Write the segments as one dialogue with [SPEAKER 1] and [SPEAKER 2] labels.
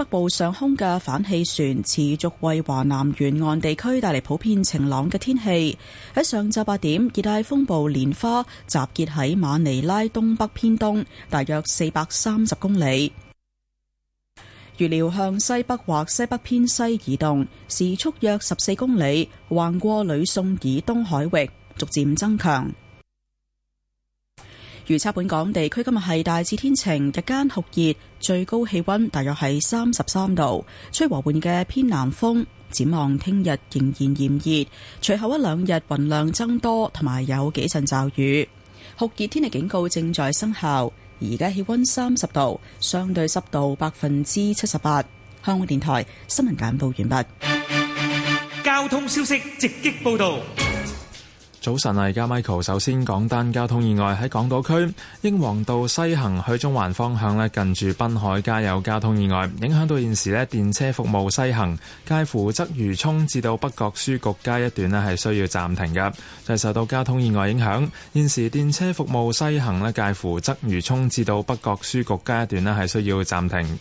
[SPEAKER 1] 北部上空嘅反氣旋持續為華南沿岸地區帶嚟普遍晴朗嘅天氣。喺上晝八點，熱帶風暴蓮花集結喺馬尼拉東北偏東大約四百三十公里，預料向西北或西北偏西移動，時速約十四公里，橫過呂宋以東海域，逐漸增強。預測本港地區今日係大致天晴，日間酷熱。最高氣溫大約係三十三度，吹和緩嘅偏南風。展望聽日仍然炎熱，隨後一兩日雲量增多，同埋有幾陣驟雨。酷熱天氣警告正在生效。而家氣溫三十度，相對濕度百分之七十八。香港電台新聞簡報完畢。交通消息直
[SPEAKER 2] 擊報道。
[SPEAKER 3] 早晨，而家 Michael。首先講單交通意外，喺港島區英皇道西行去中環方向咧，近住濱海街有交通意外，影響到現時咧電車服務西行介乎鰂魚涌至到北角書局街一段咧係需要暫停嘅。就係、是、受到交通意外影響，現時電車服務西行咧介乎鰂魚涌至到北角書局街一段咧係需要暫停。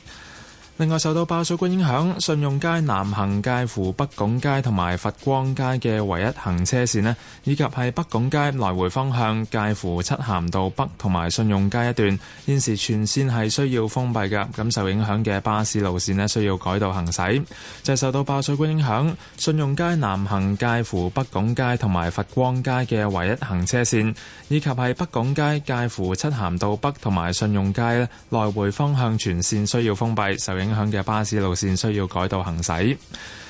[SPEAKER 3] 另外，受到爆水管影響，信用街、南行介乎北拱街同埋佛光街嘅唯一行車線呢，以及喺北拱街來回方向介乎漆咸道北同埋信用街一段，現時全線係需要封閉嘅。咁受影響嘅巴士路線呢，需要改道行駛。就係、受到爆水管影響，信用街、南行介乎北拱街同埋佛光街嘅唯一行車線。以及係北拱街介乎漆咸道北同埋信用街來回方向全線需要封閉，受影響嘅巴士路線需要改道行駛。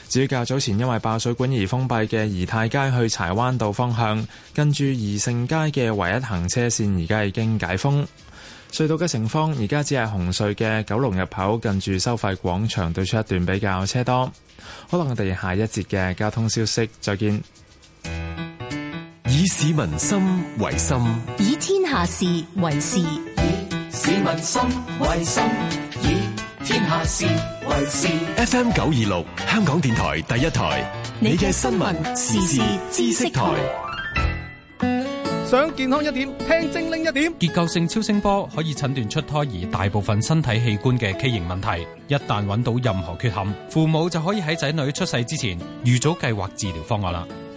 [SPEAKER 3] 至於較早前因為爆水管而封閉嘅怡泰街去柴灣道方向，近住怡盛街嘅唯一行車線而家已經解封。隧道嘅情況而家只係紅隧嘅九龍入口近住收費廣場對出一段比較車多。好啦，我哋下一節嘅交通消息，再見。
[SPEAKER 2] 以市民心為心，
[SPEAKER 4] 以天下事
[SPEAKER 1] 為事。以市民心為心，以天下事
[SPEAKER 2] 為事。FM 九二六，香港電台第一台，你嘅新聞時事知識台。想健康一點，聽精靈一點。結構性超聲波可以診斷出胎兒大部分身體器官嘅畸形問題。一旦揾到任何缺陷，父母就可以喺仔女出世之前，預早計劃治療方案啦。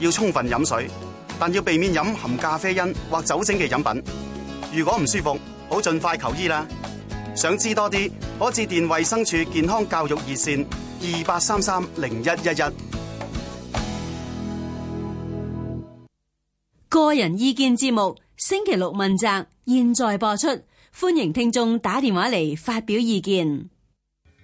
[SPEAKER 2] 要充分飲水，但要避免飲含咖啡因或酒精嘅飲品。如果唔舒服，好盡快求醫啦。想知多啲，可致電衛生署健康教育熱線二八三三零一一一。
[SPEAKER 1] 個人意見節目星期六問責，現在播出，歡迎聽眾打電話嚟發表意見。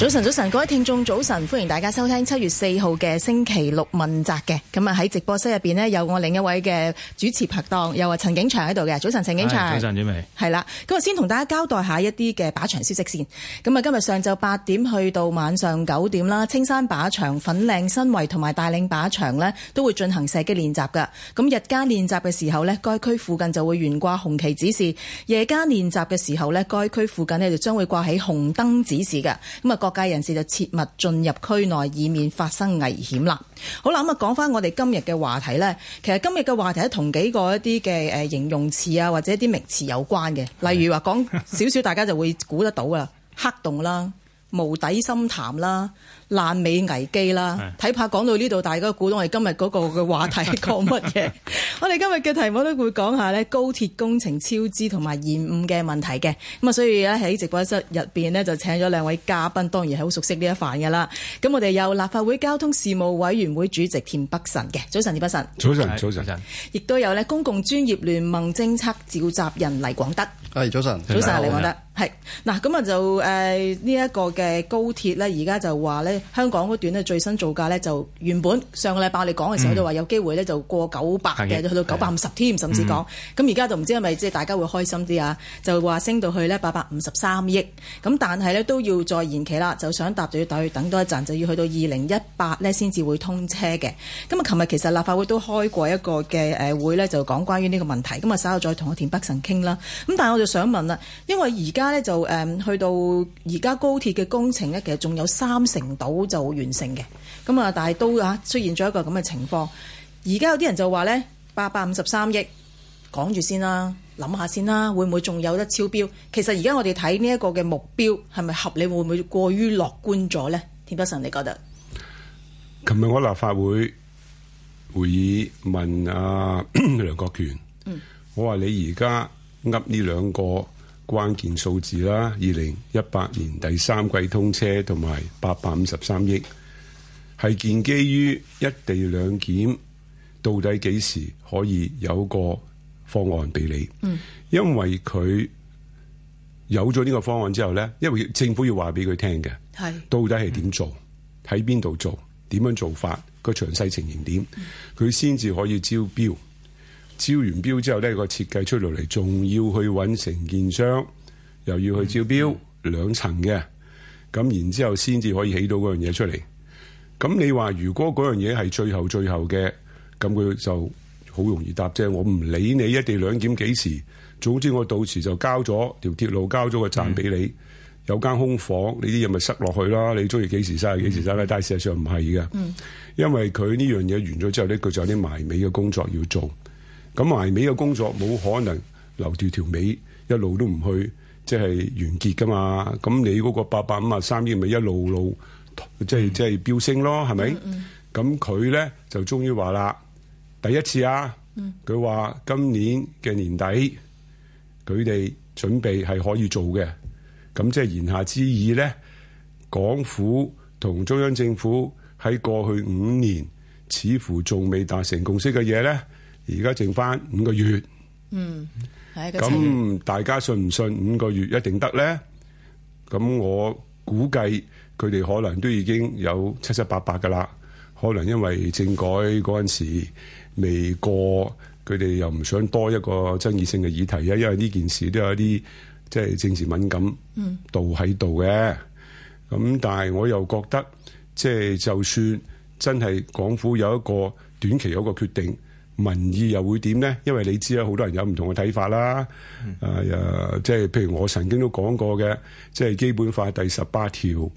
[SPEAKER 4] 早晨，早晨，各位聽眾，早晨，歡迎大家收聽七月四號嘅星期六問責嘅。咁啊，喺直播室入邊咧，有我另一位嘅主持拍檔又係陳景祥喺度嘅。早晨，陳景祥。早晨，婉薇的。係啦晨，咁啊，先同大家交代一下一啲嘅靶場消息先。咁啊，今日上晝八點去到晚上九點啦，青山靶場、粉嶺新圍同埋大嶺靶場咧，都會進行射擊練習噶，咁日間練習嘅時候咧，該區附近就會懸掛紅旗指示；夜間練習嘅時候咧，該區附近咧就將會掛起紅燈指示嘅。咁啊，各各界人士就切勿進入區內，以免發生危險啦。好啦，咁啊，講翻我哋今日嘅話題呢，其實今日嘅話題同幾個一啲嘅誒形容詞啊，或者一啲名詞有關嘅，例如話講少少，大家就會估得到噶啦，黑洞啦，無底深潭啦，爛尾危機啦！睇怕的講到呢度，大家估到我哋今日嗰個嘅話題係講乜嘢？ 我哋今日嘅題目都會講下呢，高鐵工程超支同埋延誤嘅問題嘅。咁啊，所以喺直播室入邊呢，就請咗兩位嘉賓，當然係好熟悉呢一範㗎啦。咁我哋有立法會交通事務委員會主席田北辰嘅，早晨，田北辰。早晨，早晨。亦都有呢公共專業聯盟政策召集人黎廣德。
[SPEAKER 5] 係，早晨。早晨上，黎廣德。
[SPEAKER 4] 係嗱，咁啊就誒、呃這個、呢一個嘅高鐵咧，而家就話咧香港嗰段咧最新造價咧就原本上個禮拜我哋講嘅時候就話有機會咧就過九百嘅，嗯、去到九百五十添，的甚至講咁而家就唔知係咪即係大家會開心啲啊？就話升到去咧八百五十三億咁，但係咧都要再延期啦，就想搭就要等多一陣，就要去到二零一八咧先至會通車嘅。咁啊，琴日其實立法會都開過一個嘅誒會咧，就講關於呢個問題。咁啊，稍後再同阿田北辰傾啦。咁但係我就想問啦，因為而家。咧就誒，去到而家高鐵嘅工程咧，其實仲有三成度就完成嘅。咁啊，但係都啊出現咗一個咁嘅情況，而家有啲人就話咧，八百五十三億講住先啦，諗下先啦，會唔會仲有得超標？其實而家我哋睇呢一個嘅目標係咪合理？會唔會過於樂觀咗咧？田北辰，你覺得？
[SPEAKER 6] 琴日我立法會會議問阿、啊、 梁國權，嗯、我話你而家噏呢兩個。關鍵數字啦，二零一八年第三季通車同埋八百五十三億，係建基於一地兩檢，到底幾時可以有個方案俾你？嗯，因為佢有咗呢個方案之後呢，因為政府要話俾佢聽嘅，係到底係點做，喺邊度做，點樣做法，個詳細情形點，佢先至可以招標。招完標之後咧，個設計出落嚟，仲要去揾承建商，又要去招標，兩層嘅，咁然之後先至可以起到嗰樣嘢出嚟。咁你話如果嗰樣嘢係最後最後嘅，咁佢就好容易答啫。我唔理你一地兩檢幾時，總之我到時就交咗條鐵路，交咗個站俾你，嗯、有間空房，你啲嘢咪塞落去啦。你中意幾時塞就幾時塞啦。但係事實上唔係噶，嗯、因為佢呢樣嘢完咗之後咧，佢就有啲埋尾嘅工作要做。咁埋尾嘅工作冇可能留住條尾，一路都唔去，即係完結噶嘛？咁、嗯、你嗰個八百五啊三億咪一路路即係即係飆升咯？係咪？咁佢咧就終於話啦，第一次啊，佢話今年嘅年底，佢哋準備係可以做嘅。咁即係言下之意咧，港府同中央政府喺過去五年似乎仲未達成共識嘅嘢咧。而家剩翻五個月，嗯，
[SPEAKER 7] 咁
[SPEAKER 6] 大家信唔信五個月一定得呢？咁我估計佢哋可能都已經有七七八八噶啦。可能因為政改嗰陣時未過，佢哋又唔想多一個爭議性嘅議題啊。因為呢件事都有啲即係政治敏感度喺度嘅。咁、嗯、但係我又覺得，即係就算真係港府有一個短期有一個決定。民意又會點呢？因為你知啦，好多人有唔同嘅睇法啦。誒、嗯呃，即係譬如我曾經都講過嘅，即係基本法第十八條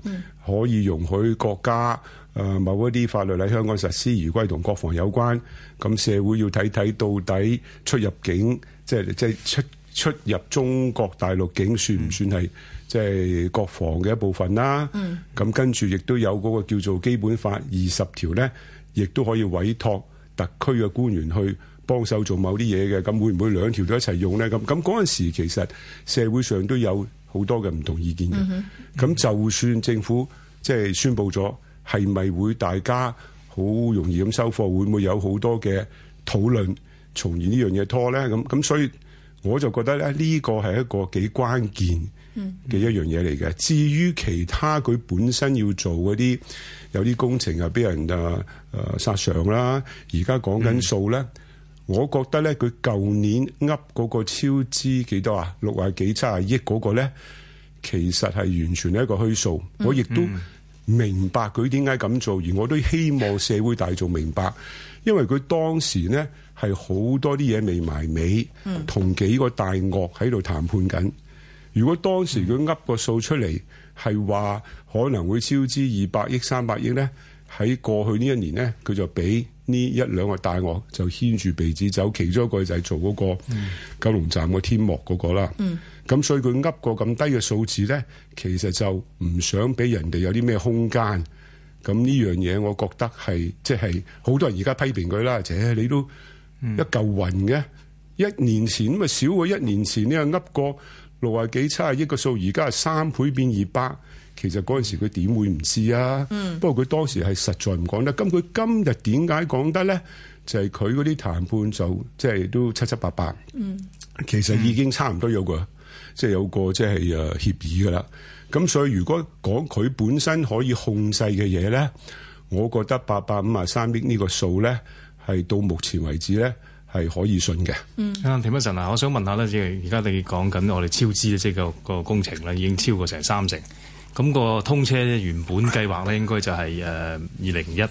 [SPEAKER 6] 可以容許國家誒、呃、某一啲法律喺香港實施而歸，如果同國防有關，咁社會要睇睇到底出入境，即係即係出出入中國大陸境，算唔算係、嗯、即係國防嘅一部分啦？咁、嗯、跟住亦都有嗰個叫做基本法二十條呢，亦都可以委託。特區嘅官員去幫手做某啲嘢嘅，咁會唔會兩條都一齊用呢？咁咁嗰陣時其實社會上都有好多嘅唔同意見嘅。咁、mm hmm. mm hmm. 就算政府即係、即係、宣布咗，係咪會大家好容易咁收貨？會唔會有好多嘅討論從而呢樣嘢拖呢？咁咁所以我就覺得咧，呢、呢個係一個幾關鍵嘅一樣嘢嚟嘅。至於其他佢本身要做嗰啲有啲工程啊，俾人啊誒殺傷啦。而家講緊數咧，嗯、我覺得咧佢舊年噏嗰個超支幾多啊？六啊幾七啊億嗰個咧，其實係完全係一個虛數。嗯、我亦都明白佢點解咁做，而我都希望社會大眾明白，因為佢當時咧係好多啲嘢未埋尾，同、嗯、幾個大鱷喺度談判緊。如果當時佢噏個數出嚟係話可能會超支二百億三百億咧，喺過去呢一年咧，佢就俾呢一兩個大鑊就牽住鼻子走。其中一個就係做嗰、那個、
[SPEAKER 8] 嗯、
[SPEAKER 6] 九龍站個天幕嗰、那個啦。咁、嗯、所以佢噏個咁低嘅數字咧，其實就唔想俾人哋有啲咩空間。咁呢樣嘢，我覺得係即係好多人而家批評佢啦，即、就、係、是哎、你都一嚿雲嘅一年前咪少過一年前你又噏過。六啊幾七啊億個數，而家係三倍變二百，其實嗰陣時佢點會唔知啊？嗯、不過佢當時係實在唔講得，咁佢今日點解講得咧？就係佢嗰啲談判組即係都七七八八，嗯、其實已經差唔多有個即係、嗯、有個即係誒協議噶啦。咁所以如果講佢本身可以控制嘅嘢咧，我覺得八百五啊三億呢個數咧，係到目前為止咧。係可以信嘅。
[SPEAKER 7] 嗯、
[SPEAKER 2] 啊，田北辰啊，我想問下咧，即係而家你講緊我哋超支即係個個工程咧，已經超過成三成。咁個通車原本計劃咧，應該就係誒二零一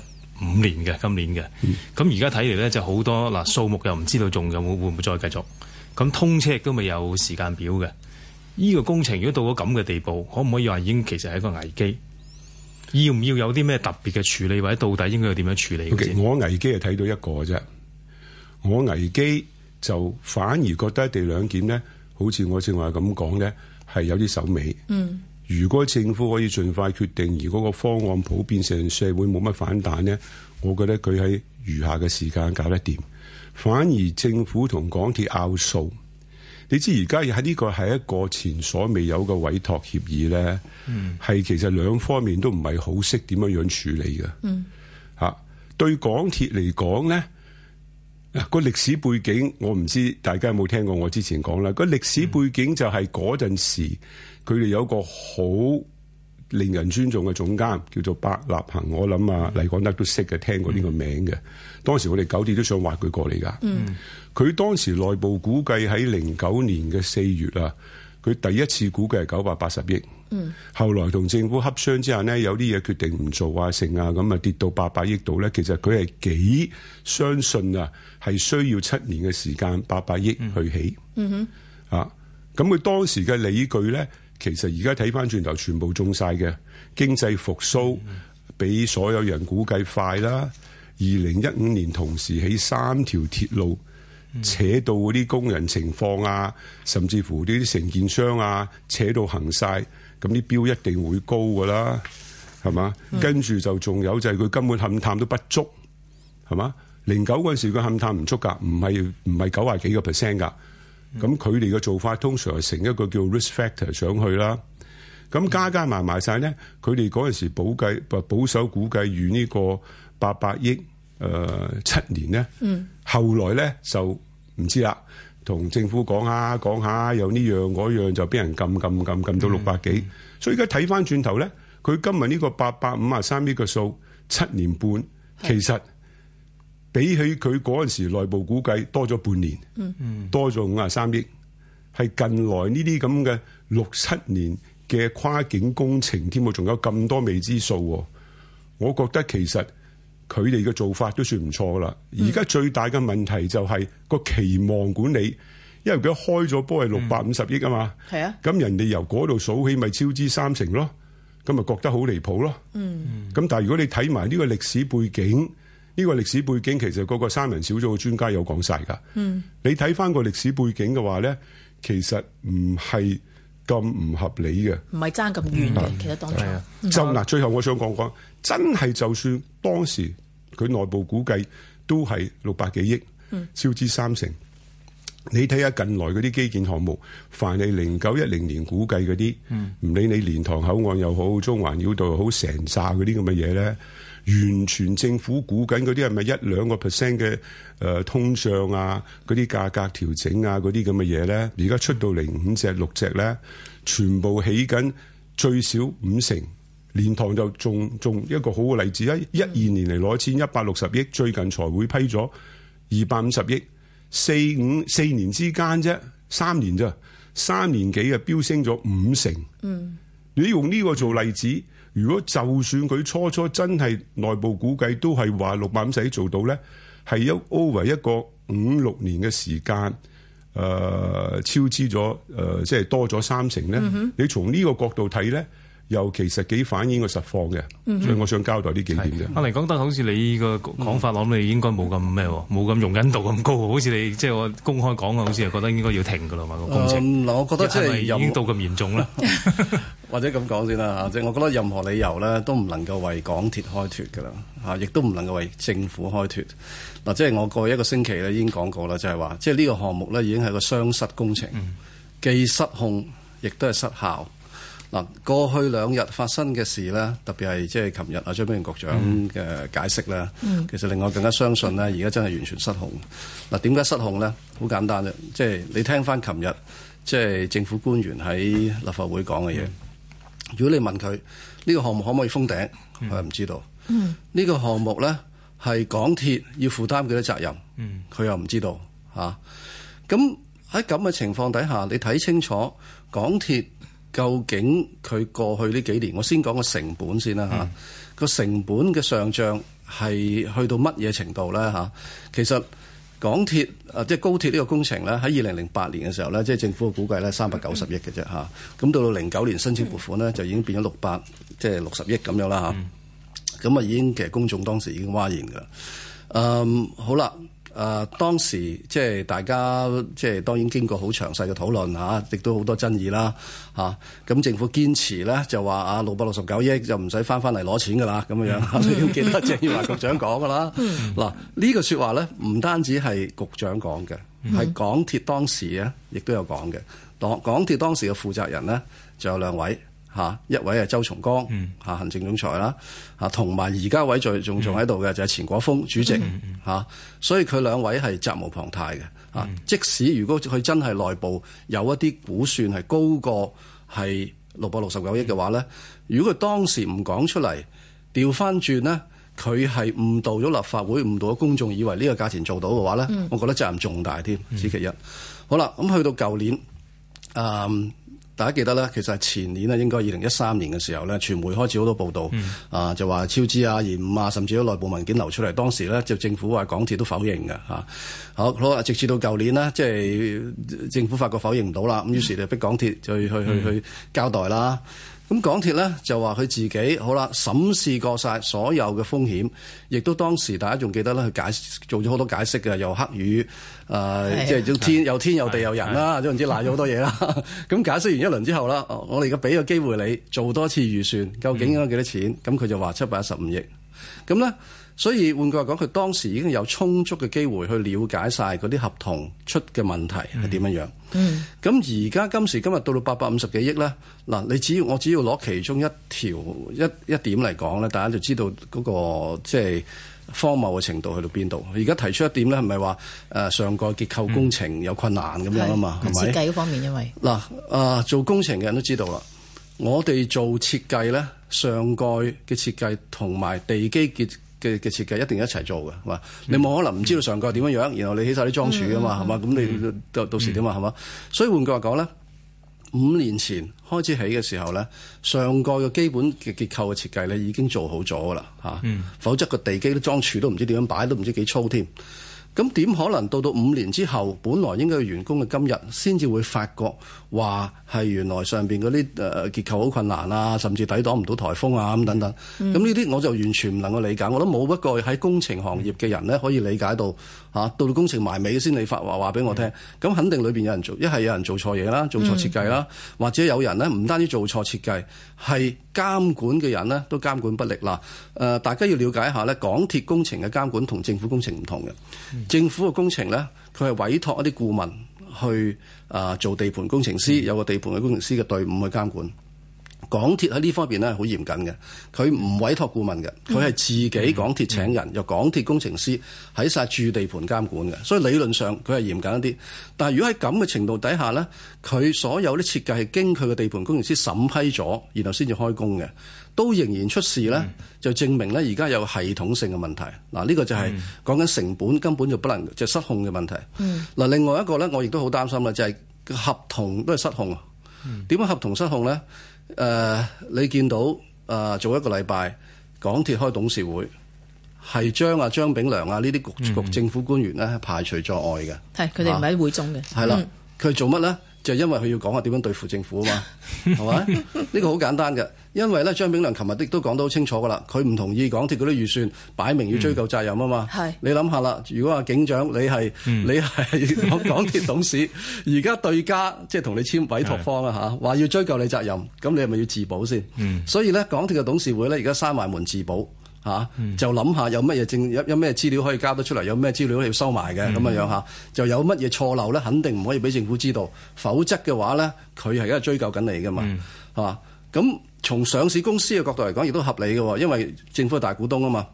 [SPEAKER 2] 五年嘅，今年嘅。咁而家睇嚟咧，就好多嗱，數目又唔知道仲有冇會唔會再繼續。咁通車亦都未有時間表嘅。呢個工程如果到咗咁嘅地步，可唔可以話已經其實係一個危機？要唔要有啲咩特別嘅處理，或者到底應該要點樣處
[SPEAKER 6] 理？Okay, 我危機係睇到一個啫。我危機就反而覺得一地兩檢呢，好似我正話咁講呢，係有啲手尾。嗯，如果政府可以盡快決定，而嗰個方案普遍成社會冇乜反彈呢，我覺得佢喺餘下嘅時間搞得掂。反而政府同港鐵拗數，你知而家喺呢個係一個前所未有嘅委託協議咧，係、嗯、其實兩方面都唔係好識點樣樣處理嘅。
[SPEAKER 8] 嗯，
[SPEAKER 6] 嚇、啊、對港鐵嚟講呢。個歷史背景我唔知大家有冇聽過，我之前講啦。個歷史背景就係嗰陣時，佢哋、嗯、有個好令人尊重嘅總監叫做白立恒。我諗啊，黎廣德都識嘅，聽過呢個名嘅。嗯、當時我哋九字都想挖佢過嚟㗎。佢、嗯、當時內部估計喺零九年嘅四月啊，佢第一次估計係九百八十億。嗯，後來同政府洽商之後呢，有啲嘢決定唔做啊，成啊，咁啊跌到八百億度呢，其實佢係幾相信啊，係需要七年嘅時間，八百億去起。嗯哼，啊，咁佢當時嘅理據呢，其實而家睇返轉頭，全部中晒嘅經濟復甦，比所有人估計快啦。二零一五年同時起三條鐵路，扯到嗰啲工人情況啊，甚至乎呢啲承建商啊，扯到行晒。咁啲標一定會高㗎啦，係嘛？嗯、跟住就仲有就係佢根本勘探都不足，係嘛？零九嗰陣時佢勘探唔足㗎，唔係唔係九啊幾個 percent 㗎。咁佢哋嘅做法通常係成一個叫 risk factor 上去啦。咁加加埋埋晒咧，佢哋嗰陣時保保守估計預、呃、呢個八百億誒七年咧，嗯、後來咧就唔知啦。同政府講下講下，又呢樣嗰樣就俾人撳撳撳撳到六百幾，嗯嗯、所以而家睇翻轉頭咧，佢今日呢個八百五十三億嘅數七年半，其實是比起佢嗰陣時內部估計多咗半年，多咗五十三億，係、嗯、近來呢啲咁嘅六七年嘅跨境工程添喎，仲有咁多未知數，我覺得其實。佢哋嘅做法都算唔錯啦。而家最大嘅問題就係、是、個、嗯、期望管理，因為佢開咗波係六百五十億啊嘛。係啊、嗯，咁人哋由嗰度數起，咪超支三成咯。咁咪覺得好離譜咯。嗯，咁但係如果你睇埋呢個歷史背景，呢、這個歷史背景其實嗰個三人小組嘅專家有講晒㗎。嗯，你睇翻個歷史背景嘅話咧，其實唔係咁唔合理嘅，唔
[SPEAKER 4] 係爭咁遠嘅。其實當初、嗯、就嗱，
[SPEAKER 6] 最後我想講講。真係就算當時佢內部估計都係六百幾億，嗯，超支三成。你睇下近來嗰啲基建項目，凡係零九一零年估計嗰啲，嗯、唔理你蓮塘口岸又好、中環繞道又好，成炸嗰啲咁嘅嘢咧，完全政府估緊嗰啲係咪一兩個 percent 嘅誒通脹啊？嗰啲價格調整啊，嗰啲咁嘅嘢咧，而家出到零五隻六隻咧，全部起緊最少五成。蓮塘就仲仲一個好嘅例子，一一二年嚟攞錢一百六十億，最近財會批咗二百五十億，四五四年之間啫，三年啫，三年幾啊，飆升咗五成。嗯，你用呢個做例子，如果就算佢初初真係內部估計都係話六百五十億做到咧，係一 over 一個五六年嘅時間，誒、呃、超支咗，誒、呃、即係多咗三成咧。嗯、哼你從呢個角度睇咧？尤其實幾反映個實況嘅，所以我想交代呢幾點
[SPEAKER 2] 嘅。阿黎廣德好似你個講法，我諗你、嗯、應該冇咁咩，冇咁容忍度咁高。好似你即係我公開講啊，好似係覺得應該要停噶啦嘛個
[SPEAKER 5] 工程、嗯。我覺得即係已經到
[SPEAKER 2] 咁嚴重啦，嗯、
[SPEAKER 5] 或者咁講先啦吓。即、就、係、是、我覺得任何理由咧，都唔能夠為港鐵開脫噶啦吓，亦都唔能夠為政府開脫。嗱、啊，即、就、係、是、我過去一個星期咧，已經講過啦，就係、是、話，即係呢個項目咧，已經係個雙失工程，既失控亦都係失效。嗱，過去兩日發生嘅事呢，特別係即係琴日阿張炳良局長嘅解釋呢，嗯、其實令我更加相信呢，而家真係完全失控。嗱、嗯，點解失控呢？好簡單啫，即、就、係、是、你聽翻琴日即係政府官員喺立法會講嘅嘢。嗯、如果你問佢呢、呢個項目可唔可以封頂，佢又唔知道。呢、嗯、個項目呢，係港鐵要負擔幾多責任，佢又唔知道嚇。咁喺咁嘅情況底下，你睇清楚港鐵。究竟佢過去呢幾年，我先講個成本先啦嚇。個、嗯啊、成本嘅上漲係去到乜嘢程度咧嚇、啊？其實港鐵啊，即係高鐵呢個工程咧，喺二零零八年嘅時候咧，即係政府估計咧，三百九十億嘅啫嚇。咁、嗯啊、到到零九年申請撥款咧，就已經變咗六百，即係六十億咁樣啦嚇。咁啊已經、嗯嗯、其實公眾當時已經嘩然嘅啦。嗯、啊，好啦。誒、呃、當時即係大家即係當然經過好詳細嘅討論嚇、啊，亦都好多爭議啦嚇。咁、啊、政府堅持咧就話啊六百六十九億就唔使翻翻嚟攞錢㗎啦，咁樣樣。啊、所以記得鄭汝樺局長講㗎啦。嗱、 啊這個、呢個説話咧唔單止係局長講嘅，係港鐵當時咧亦都有講嘅。當港，港鐵當時嘅負責人咧，就有兩位。嚇，一位係周松崗嚇行政總裁啦，嚇同埋而家位最仲仲喺度嘅就係錢果豐主席嚇、嗯嗯啊，所以佢兩位係責無旁貸嘅嚇。啊嗯、即使如果佢真係內部有一啲估算係高過係六百六十九億嘅話咧，嗯、如果佢當時唔講出嚟，調翻轉呢佢係誤導咗立法會、誤導咗公眾，以為呢個價錢做到嘅話咧，嗯、我覺得責任重大添。此其一。嗯嗯、好啦，咁、嗯、去到舊年誒。大家記得咧，其實前年咧應該二零一三年嘅時候咧，傳媒開始好多報道，啊就話超支啊、延誤啊，啊，甚至都內部文件流出嚟。當時咧，就政府話港鐵都否認㗎吓、啊。好，好啊，直至到舊年呢，即係政府發覺否認唔到啦，咁於是就逼港鐵去、嗯、去去去，去交代啦。咁港鐵咧就話佢自己好啦，審視過晒所有嘅風險，亦都當時大家仲記得咧，佢解做咗好多解釋嘅，又黑雨，誒、呃哎、呀即係天、哎、呀又天又地又人、哎、呀啦，總言之瀨咗好多嘢啦。咁 解釋完一輪之後啦，我哋而家俾個機會你做多次預算，究竟應該幾多錢？咁佢、嗯、就話七百一十五億。咁咧。所以換句話講，佢當時已經有充足嘅機會去了解晒嗰啲合同出嘅問題係點樣樣，嗯。嗯，咁而家今時今日到到八百五十幾億咧，嗱，你只要我只要攞其中一條一一點嚟講咧，大家就知道嗰、嗰個即係荒謬嘅程度去到邊度。而家提出一點咧，係咪話誒上蓋結構工程有困難咁、嗯、樣啊？嘛，係咪是設計
[SPEAKER 4] 方面因為嗱、
[SPEAKER 5] 呃，啊、呃、做工程嘅人都知道啦，我哋做設計咧上蓋嘅設計同埋地基結嘅嘅設計一定要一齊做嘅，係嘛？Mm. 你冇可能唔知道上蓋點樣樣，然後你起晒啲樁柱嘅嘛，係嘛？mm.？咁你到、mm. 到時點啊，係嘛？所以換句話講咧，五年前開始起嘅時候咧，上蓋嘅基本嘅結構嘅設計咧已經做好咗嘅啦，嚇，mm. 否則個地基都樁柱都唔知點樣擺，都唔知幾粗添。咁點可能到到五年之後，本來應該完工嘅今日，先至會發覺話係原來上邊嗰啲誒結構好困難啊，甚至抵擋唔到颱風啊咁等等。咁呢啲我就完全唔能夠理解，我諗冇一個喺工程行業嘅人呢，可以理解到嚇、啊，到到工程埋尾先你發話話俾我聽。咁、嗯、肯定裏邊有人做，一係有人做錯嘢啦，做錯設計啦，嗯、或者有人呢唔單止做錯設計，係監管嘅人呢都監管不力嗱。誒、呃，大家要了解一下呢港鐵工程嘅監管同政府工程唔同嘅。嗯政府嘅工程呢，佢係委託一啲顧問去啊、呃、做地盤工程師，有個地盤嘅工程師嘅隊伍去監管。港鐵喺呢方面呢，好嚴謹嘅，佢唔委託顧問嘅，佢係自己港鐵請人，嗯、由港鐵工程師喺晒駐地盤監管嘅。所以理論上佢係嚴謹一啲。但係如果喺咁嘅程度底下呢，佢所有啲設計係經佢嘅地盤工程師審批咗，然後先至開工嘅。都仍然出事呢，嗯、就證明呢而家有系統性嘅問題。嗱，呢個就係講緊成本根本就不能就是、失控嘅問題。嗱、嗯，另外一個呢，我亦都好擔心咧，就係、是、合同都係失控。點解、嗯、合同失控呢？誒、呃，你見到誒早、呃、一個禮拜港鐵開董事會，係將啊張炳良啊呢啲局局政府官員呢排除在外嘅，係
[SPEAKER 4] 佢哋唔喺會中嘅，係啦、嗯，
[SPEAKER 5] 佢做乜呢？就因為佢要講下點樣對付政府啊嘛，係咪？ 呢、呢個好簡單嘅，因為咧張炳良琴日亦都講得好清楚嘅啦，佢唔同意港鐵嗰啲預算，擺明要追究責任啊嘛。係、嗯，你諗下啦，如果話警長你係、嗯、你係港鐵董事，而家 對家即係同你簽委託方啊嚇，話要追究你責任，咁你係咪要自保先？嗯，所以咧港鐵嘅董事會咧而家閂埋門自保。嚇、啊，就諗下有乜嘢政有有咩資料可以交得出嚟，有咩資料要收埋嘅咁嘅樣嚇，嗯、就有乜嘢錯漏咧，肯定唔可以俾政府知道。否則嘅話咧，佢係而家追究緊你㗎嘛，係嘛，嗯？咁、啊、從上市公司嘅角度嚟講，亦都合理嘅，因為政府係大股東啊嘛。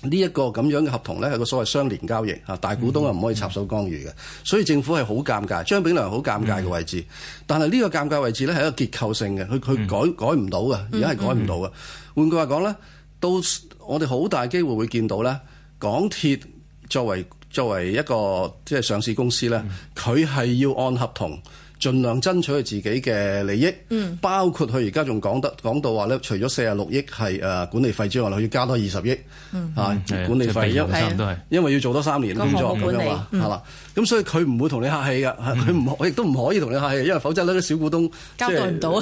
[SPEAKER 5] 呢、這、一個咁樣嘅合同咧，係個所謂雙連交易嚇，大股東又唔可以插手干預嘅，所以政府係好尷尬，張炳良好尷尬嘅位置。嗯、但係呢個尷尬位置咧係一個結構性嘅，佢佢改改唔到嘅，而家係改唔到嘅。嗯嗯嗯、換句話講咧。到我哋好大機會會見到呢港鐵作為作為一個即係上市公司呢，佢係要按合同。儘量爭取佢自己嘅利益，嗯、包括佢而家仲講得講到話咧，除咗四十六億係誒管理費之外，佢要加多二十億、嗯、啊！管理費，嗯、因為要做多三年工作咁樣嘛，係啦、嗯。咁、嗯嗯、所以佢唔會同你客氣嘅，佢唔、嗯、亦都唔可以同你客氣，因為否則呢啲小股東、就是、交代唔到，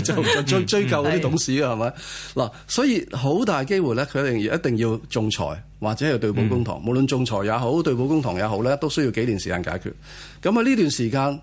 [SPEAKER 5] 就就追追究啲董事嘅係咪嗱？嗯、所以好大機會咧，佢一定要仲裁或者係對簿公堂，嗯、無論仲裁也好，對簿公堂也好咧，都需要幾年時間解決。咁啊呢段時間。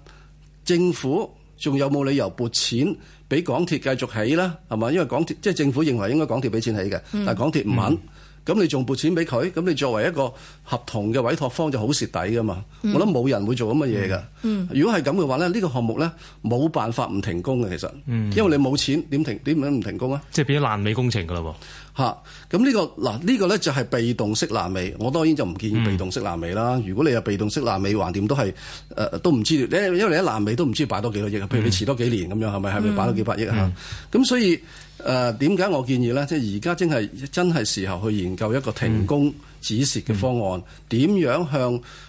[SPEAKER 5] 政府仲有冇理由撥錢俾港鐵繼續起啦？係嘛？因為港鐵即係政府認為應該港鐵俾錢起嘅，但係港鐵唔肯。咁、嗯、你仲撥錢俾佢？咁你作為一個合同嘅委託方就好蝕底噶嘛？嗯、我諗冇人會做咁嘅嘢㗎。嗯嗯、如果係咁嘅話咧，呢、呢個項目咧冇辦法唔停工嘅，其實，因為你冇錢點停點樣唔停工啊？即係變咗爛尾工程㗎啦喎！嚇！咁呢、這個嗱，呢、這個咧就係被動式爛尾，我當然就唔建議被動式爛尾啦。嗯、如果你係被動式爛尾，橫掂都係誒、呃，都唔知你。因為你喺爛尾都唔知擺多幾多億啊。嗯、譬如你遲多幾年咁樣，係咪係咪擺多幾百億、嗯、啊？咁所以誒，點、呃、解我建議咧？即係而家真係真係時候去研究一個停工止蝕嘅方案，點樣、嗯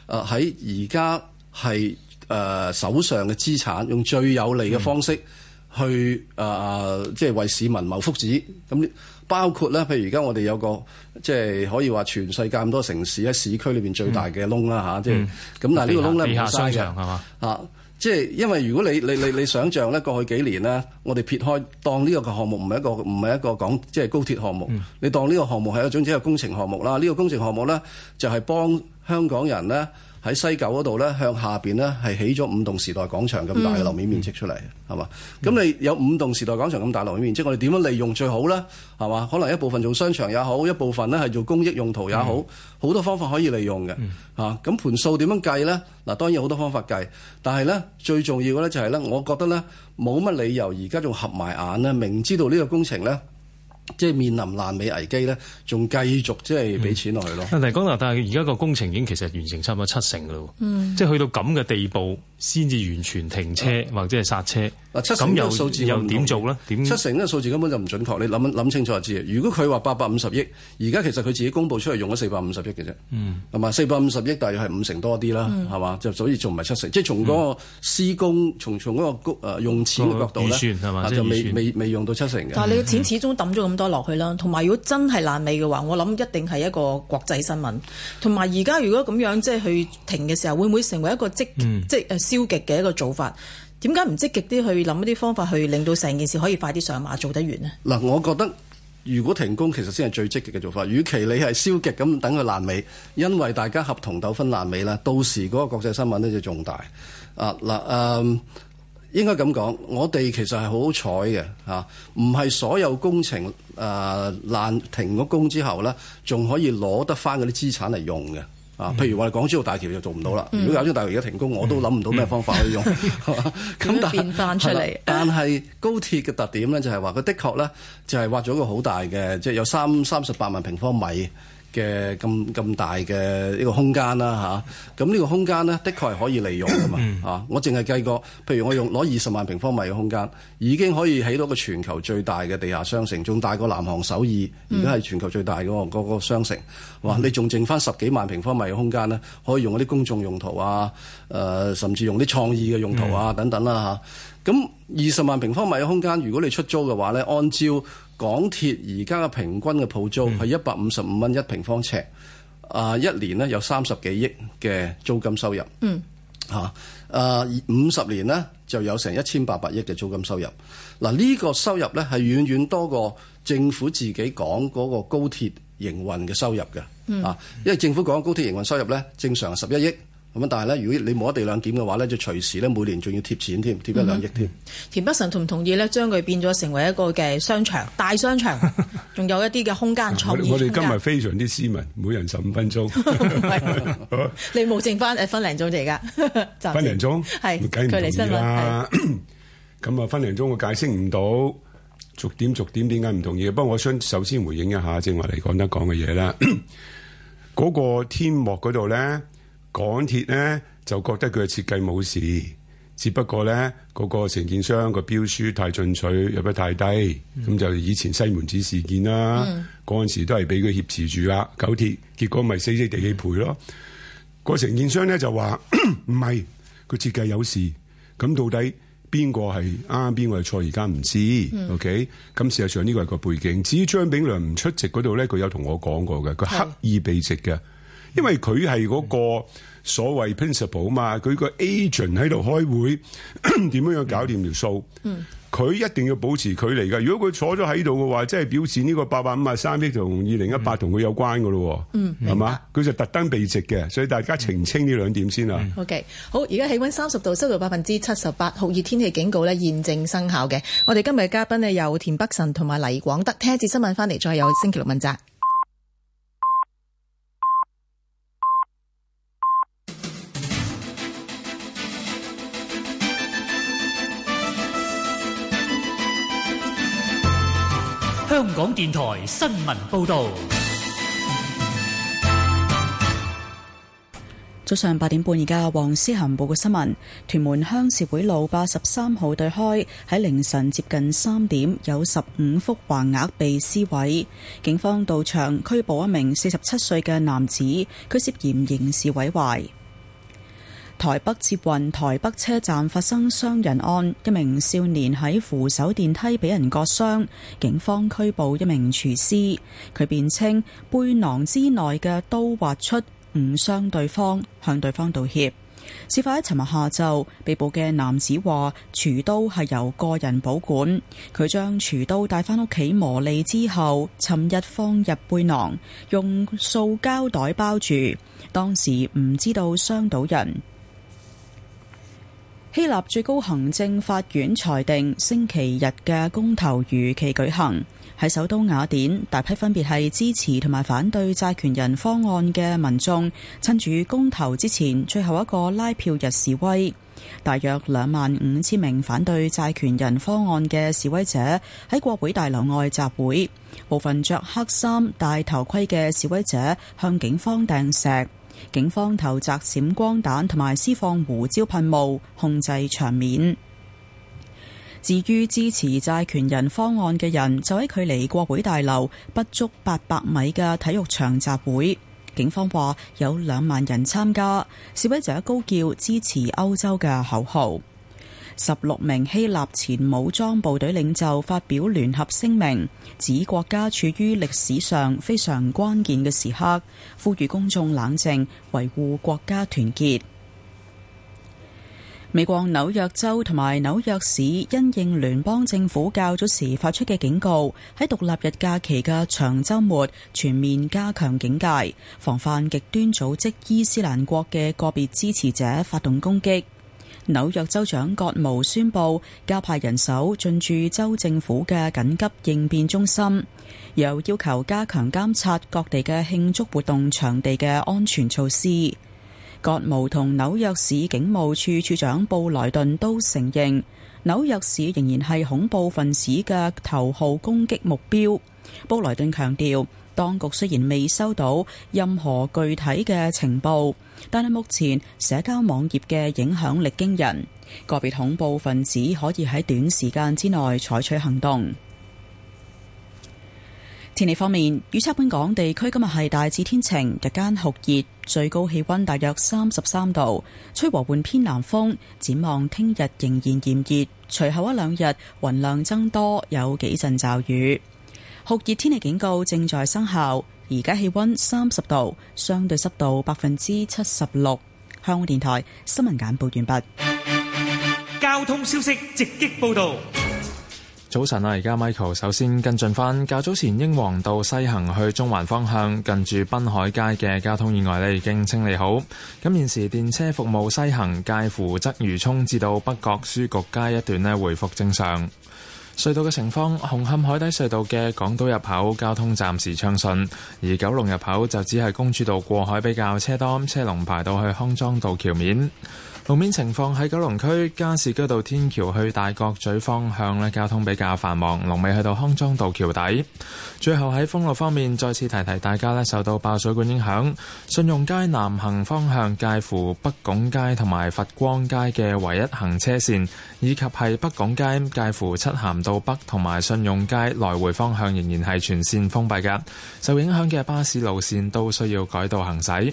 [SPEAKER 5] 嗯、向誒喺而家係誒手上嘅資產，用最有，最有利嘅方式去誒，即係為市民謀福祉咁。包括咧，譬如而家我哋有個即係可以話全世界咁多城市喺市區裏邊最大嘅窿啦吓，即係咁，但係呢個窿咧唔會閂嘅係嘛，即係因為如果你你你你想像咧過去幾年咧， 我哋撇開當呢個個項目唔係一個唔係一個講即係高鐵項目，嗯、你當呢個項目係一種只係工程項目啦，呢個工程項目咧就係幫香港人咧。喺西九嗰度咧，向下邊咧係起咗五棟時代廣場咁大嘅樓面面積出嚟，係嘛？咁你有五棟時代廣場咁大樓面面積，我哋點樣利用最好咧？係嘛？可能一部分做商場也好，一部分咧係做公益用途也好，好、嗯、多方法可以利用嘅嚇。咁、嗯啊、盤數點樣計咧？嗱，當然有好多方法計，但係咧最重要嘅咧就係咧，我覺得咧冇乜理由而家仲合埋眼咧，明知道呢個工程咧。即係面臨爛尾危機咧，仲繼續即係俾錢落去咯。
[SPEAKER 2] 但係講到，但係而家個工程已經其實完成差唔多七成嘅咯。嗯，即係去到咁嘅地步，先至完全停車或者係剎車。咁七成數字又點做
[SPEAKER 5] 咧？點七成呢個數字根本就唔準確。你諗諗清楚就知。如果佢話八百五十億，而家其實佢自己公佈出嚟用咗四百五十億嘅啫。嗯。同四百五十億，大約係五成多啲啦，係嘛？就所以仲唔係七成，即係從嗰個施工，從從嗰個用錢嘅角度咧，就未未未用到七成嘅。但係你嘅錢始
[SPEAKER 4] 終抌咗咁。多落去啦，同埋如果真係爛尾嘅話，我諗一定係一個國際新聞。同埋而家如果咁樣即係去停嘅時候，會唔會成為一個積極、嗯、即係消極嘅一個做法？點解唔積極啲去諗一啲方法去令到成件事可以快啲上馬做得完呢？
[SPEAKER 5] 嗱，我覺得如果停工其實先係最積極嘅做法。與其你係消極咁等佢爛尾，因為大家合同糾紛爛尾啦，到時嗰個國際新聞呢，就仲大啊嗱。應該咁講，我哋其實係好好彩嘅嚇，唔、啊、係所有工程誒爛、呃、停咗工之後咧，仲可以攞得翻嗰啲資產嚟用嘅啊。譬如我哋港珠澳大橋就做唔到啦。嗯、如果港珠澳大橋而家停工，嗯、我都諗唔到咩方法可以用。咁、嗯嗯、 但係 變返出嚟。但係高鐵嘅特點咧就係話佢的確咧就係挖咗個好大嘅，即、就、係、是、有三三十八萬平方米。嘅咁咁大嘅一個空間啦吓？咁、啊、呢個空間呢，的確係可以利用噶嘛嚇、啊。我淨係計過，譬如我用攞二十萬平方米嘅空間，已經可以起到個全球最大嘅地下商城，仲大過南韓首爾，而家係全球最大嘅個個商城。哇、啊！你仲剩翻十幾萬平方米嘅空間呢，可以用嗰啲公眾用途啊，誒、呃，甚至用啲創意嘅用途啊等等啦、啊、吓？咁二十萬平方米嘅空間，如果你出租嘅話呢，按照港鐵而家嘅平均嘅鋪租係一百五十五蚊一平方尺，啊一年咧有三十幾億嘅租金收入，
[SPEAKER 7] 嗯、
[SPEAKER 5] 吓，啊五十年咧就有成一千八百億嘅租金收入。嗱、啊、呢、呢個收入咧係遠遠多過政府自己講嗰個高鐵營運嘅收入嘅，啊，因為政府講高鐵營運收入咧正常係十一億。咁但係咧，如果你摸一地兩檢嘅話咧，就隨時咧每年仲要貼錢添，貼一兩億添。嗯、
[SPEAKER 4] 田北辰同唔同意咧？將佢變咗成為一個嘅商場，大商場，仲 有一啲嘅空間創意空間。我哋今日非
[SPEAKER 6] 常之斯文，每人十五分鐘。
[SPEAKER 4] 你冇剩翻誒分零鐘地㗎，分零鐘係佢唔同意
[SPEAKER 6] 咁啊， 分零鐘我解釋唔到，逐點逐點逐點，點解唔同意？不過我想首先回應一下正話你講得講嘅嘢啦。嗰、 嗰個天幕嗰度咧，港鐵咧就覺得佢嘅設計冇事，只不過咧、嗰個承建商個標書太進取，入得太低，咁、嗯、就以前西門子事件啦，嗰陣、嗯、時都係俾佢挾持住啦，九鐵，結果咪死死地氣賠咯。嗯、個承建商咧就話唔係，佢設計有事，咁到底邊個係啱邊個係錯，而家唔知。嗯、OK，咁事實上呢個係個背景。至於張炳良唔出席嗰度咧，佢有同我講過嘅，佢刻意避席嘅。因為佢係嗰個所謂 principal 嘛，佢個 agent 喺度開會，點樣樣搞掂條數？佢 一定要保持距離噶。如果佢坐咗喺度嘅話，即係表示呢個八百五啊三億同二零一八同佢有關噶咯。係嘛，佢 就特登避席嘅。所以大家澄清呢兩點先啦。
[SPEAKER 4] OK，好，而家氣溫三十度，濕度百分之七十八，酷熱天氣警告咧現正生效嘅。我哋今日嘅嘉賓呢，有田北辰同埋黎廣德，聽一節新聞翻嚟，再有星期六問責。
[SPEAKER 1] 香港電台新聞報道。早上八點半，而家黃思涵報嘅新聞：屯門鄉事會路八十三號對開，喺凌晨接近三點，有十五幅橫額被撕毀，警方到場拘捕一名四十七歲嘅男子，佢涉嫌刑事毀壞。台北捷運台北車站發生傷人案，一名少年喺扶手電梯俾人割傷，警方拘捕一名廚師。佢辯稱背囊之內嘅刀劃出，誤傷對方，向對方道歉。事發喺尋日下晝，被捕嘅男子話廚刀係由個人保管，佢將廚刀帶返屋企磨利之後，尋日放入背囊，用塑膠袋包住，當時唔知道傷到人。希臘最高行政法院裁定星期日嘅公投如期舉行，喺首都雅典，大批分別係支持同埋反對債權人方案嘅民眾，趁住公投之前最後一個拉票日示威，大約兩萬五千名反對債權人方案嘅示威者喺國會大樓外集會，部分着黑衫戴頭盔嘅示威者向警方掟石。警方投擲閃光彈同埋施放胡椒噴霧控制場面。至於支持債權人方案嘅人，就喺距離國會大樓不足八百米嘅體育場集會。警方話有兩萬人參加，示威者高叫支持歐洲嘅口號。十六名希臘前武裝部隊領袖發表聯合聲明，指國家處於歷史上非常關鍵嘅時刻，呼籲公眾冷靜，維護國家團結。美國紐約州同埋紐約市因應聯邦政府較早時發出嘅警告，喺獨立日假期嘅長周末全面加強警戒，防範極端組織伊斯蘭國嘅個別支持者發動攻擊。紐約州長葛姆宣布加派人手進駐州政府嘅緊急應變中心，又要求加強監察各地嘅慶祝活動場地嘅安全措施。葛姆同紐約市警務處處長布萊頓都承認，紐約市仍然係恐怖分子嘅頭號攻擊目標。布萊頓強調，當局雖然未收到任何具體嘅情報。但係目前社交網頁嘅影響力驚人，個別恐怖分子可以喺短時間之內採取行動。天氣方面，預測本港地區今日係大致天晴，日間酷熱，最高氣温大約三十三度，吹和緩偏南風。展望聽日仍然炎熱，隨後一兩日雲量增多，有幾陣驟雨。酷熱天氣警告正在生效。而家氣温三十度，相對濕度百分之七十六。香港電台新聞簡報完畢。交通消息直擊報
[SPEAKER 7] 道。
[SPEAKER 3] 早晨啊，而家 Michael 首先跟進翻，較早前英皇道西行去中環方向近住濱海街嘅交通意外咧已經清理好。咁現時電車服務西行介乎鰂魚涌至到北角書局街一段咧回復正常。隧道嘅情況，紅磡海底隧道嘅港島入口交通暫時暢順，而九龍入口就只係公主道過海比較車多，車龍排到去康莊道橋面。路面情況喺九龍區加士居道天橋去大角咀方向咧，交通比較繁忙，龍尾去到康莊道橋底。最後喺封路方面，再次提提大家咧，受到爆水管影響，信用街南行方向介乎北拱街同埋佛光街嘅唯一行車線，以及係北拱街介乎漆咸道北同埋信用街來回方向，仍然係全線封閉嘅，受影響嘅巴士路線都需要改道行駛。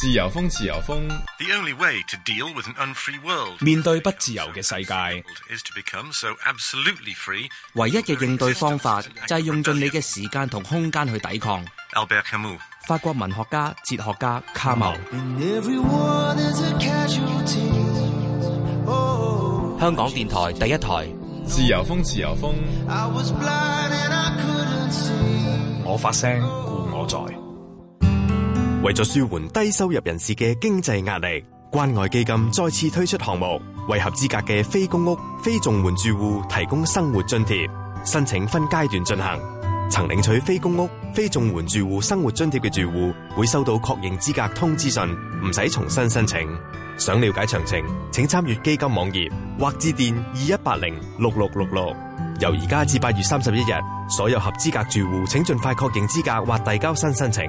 [SPEAKER 3] 自由風，自由風。面對不自由嘅世界，
[SPEAKER 9] 唯
[SPEAKER 3] 一嘅應對方法就係用盡你嘅時間同空間去抵抗。Cam 法國文學家、哲學家卡繆 香港電台第一台，自由風，自由風。 我發聲，故我在。為咗舒緩低收入人士嘅經濟壓力，關愛基金再次推出項目，為合資格嘅非公屋、非綜援住戶提供生活津貼。申請分階段進行，曾領取非公屋、非綜援住戶生活津貼嘅住戶會收到確認資格通知信，唔使重新申請。想了解詳情，請參閱基金網頁或致電二一八零六六六六。由而家至八月三十一日，所有合資格住戶請盡快確認資格或遞交新申請。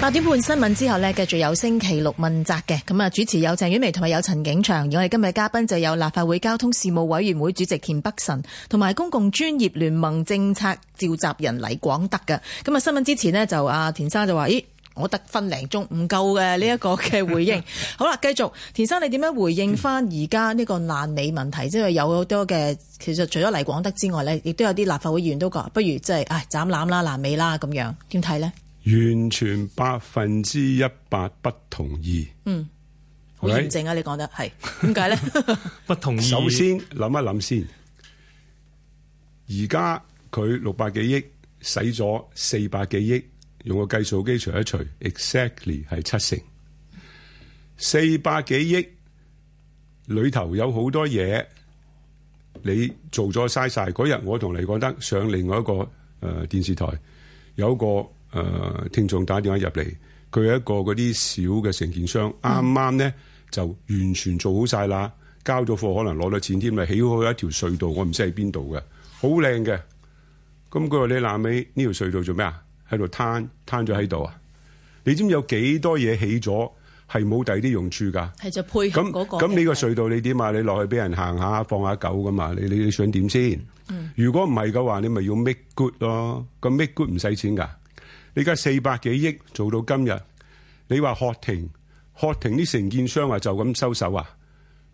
[SPEAKER 4] 八點半新聞之後咧，繼續有星期六問責嘅咁啊！主持有鄭婉薇同埋有陳景祥，而我哋今日嘉賓就有立法會交通事務委員會主席田北辰，同埋公共專業聯盟政策召集人黎廣德嘅。咁啊，新聞之前呢，就阿田生就話：咦，我得分零鐘唔夠嘅呢一個嘅回應。好啦，繼續，田生你點樣回應翻而家呢個爛尾問題？即係有好多嘅，其實除咗黎廣德之外，就是哎、呢，亦都有啲立法會議員都講不如即係唉斬纜啦、爛尾啦咁樣，點睇呢？」
[SPEAKER 6] 完全百分之一百不同意。
[SPEAKER 4] 嗯，好嚴謹啊！你講得係，點解咧？
[SPEAKER 6] 不同意。首先諗一諗先。而家佢六百幾億，使咗四百幾億，用個計數機除一除，exactly 係七成。四百幾億裏頭有好多嘢，你做咗嘥晒。嗰日我同黎廣德上另外一個誒、呃、電視台，有一個。誒、呃，聽眾打電話入嚟，佢有一個嗰啲小嘅承建商，啱啱咧就完全做好晒啦，交咗貨，可能攞到錢添，咪起好一條隧道，我唔知喺邊度嘅，好靚嘅。咁佢話你爛尾呢條隧道做咩啊？喺度攤攤咗喺度啊？你知唔知有幾多嘢起咗係冇第二啲用處噶？
[SPEAKER 4] 係就配合嗰個、嗯。咁呢個
[SPEAKER 6] 隧道你點啊？你落去俾人行下，放下狗噶嘛。你你，你想點先？嗯、如果唔係嘅話，你咪要 make good 咯。個 make good 唔使錢噶。你而家四百幾億做到今日，你話學停學停啲承建商啊就咁收手啊？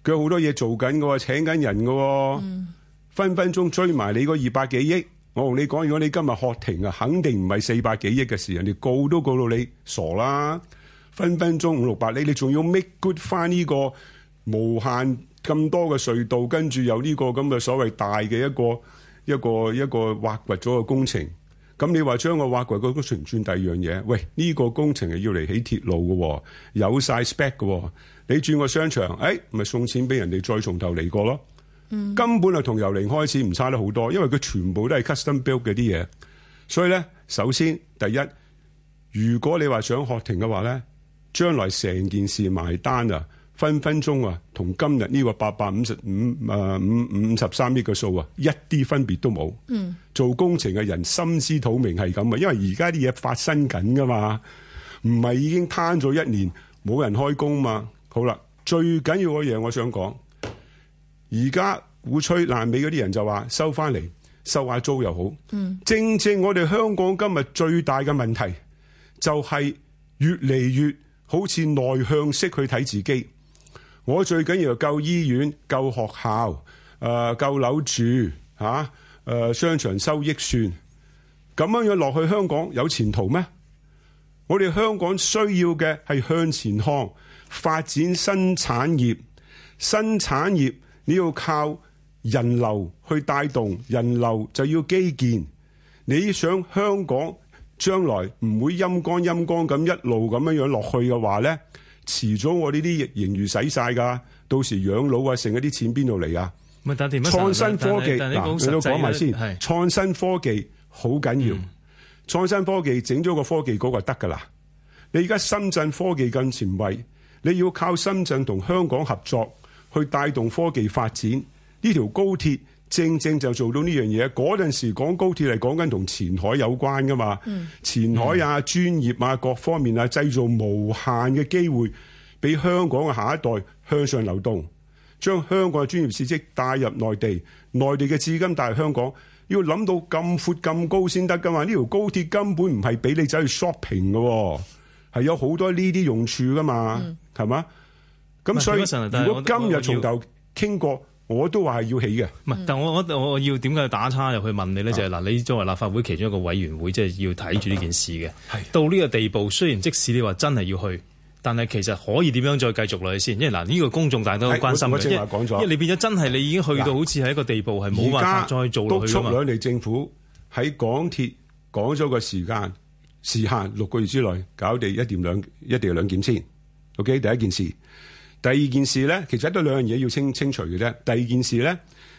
[SPEAKER 6] 佢好多嘢做緊嘅喎，請緊人嘅喎，嗯、分分鐘追埋你嗰二百幾億。我同你講，如果你今日學停啊，肯定唔係四百幾億嘅事，人哋告都告到你傻啦。分分鐘五六百，你你仲要 make good 翻呢個無限咁多嘅隧道，跟住有呢個咁嘅所謂大嘅一個一個一個，一個挖掘咗嘅工程。咁你話將個挖掘嚟嗰工程轉第二樣嘢？喂，呢、這個工程係要嚟起鐵路嘅，有晒 spec 嘅。你轉個商場，誒、哎，咪送錢俾人哋，再從頭嚟過咯。根本係同由零開始唔差得好多，因為佢全部都係 custom build 嘅啲嘢。所以咧，首先第一，如果你話想學停嘅話咧，將來成件事埋單啊！分分鐘啊，同今日呢個八百五十五啊五五十三億個數啊，一啲分別都冇。嗯，做工程嘅人心知肚明係咁啊，因為而家啲嘢發生緊㗎嘛，唔係已經攤咗一年冇人開工嘛。好啦，最緊要個嘢我想講，而家鼓吹爛尾嗰啲人就話收翻嚟收下租又好。嗯，正正我哋香港今日最大嘅問題就係、是、越嚟越好似內向式去睇自己。我最緊要救醫院、救學校、誒、呃、救樓住吓、誒、啊呃、商場收益算，咁樣樣落去香港有前途咩？我哋香港需要嘅係向前看，發展新產業。新產業你要靠人流去帶動，人流就要基建。你想香港將來唔會陰乾陰乾咁一路咁樣樣落去嘅話呢？遲咗我呢啲盈餘使晒噶，到時養老啊，剩一啲錢邊度嚟啊？
[SPEAKER 2] 創新科技，嗱，你都講埋先。
[SPEAKER 6] 創、啊、新科技好緊要，創、嗯、新科技整咗個科技嗰個就得噶啦。你而家深圳科技更前衛，你要靠深圳同香港合作去帶動科技發展呢條高鐵。正正就做到呢樣嘢，嗰陣時講高鐵係講緊同前海有關噶嘛？嗯、前海啊，專業啊，各方面啊，製造無限嘅機會，俾香港嘅下一代向上流動，將香港嘅專業事跡帶入內地，內地嘅資金帶入香港，要諗到咁闊咁高先得噶嘛？呢條高鐵根本唔係俾你走去 shopping 嘅，哦，係有好多呢啲用處噶嘛？係嘛，嗯？
[SPEAKER 2] 咁所以如果今日從頭
[SPEAKER 6] 傾過。我都話係要起嘅。
[SPEAKER 2] 唔係、嗯，但我我我要點解打岔入去問你咧？就係、是、嗱，啊、你作為立法會其中一個委員會，即、就、係、是、要睇住呢件事嘅。係、啊啊、到呢個地步，雖然即使你話真係要去，但係其實可以點樣再繼續落去先？因為嗱，呢、啊這個
[SPEAKER 6] 公眾大家都關心，一句講咗，因為，因
[SPEAKER 2] 為你變咗真係你已經去到好似係一個地步，係冇、啊、辦法
[SPEAKER 6] 再做落去嘛。督促兩地政府喺港鐵講咗個時間時限六個月之內搞掂一地兩檢，一定要兩檢先。O、okay? K，第一件事。第二件事咧，其實都兩樣嘢要清清除嘅啫。第二件事咧，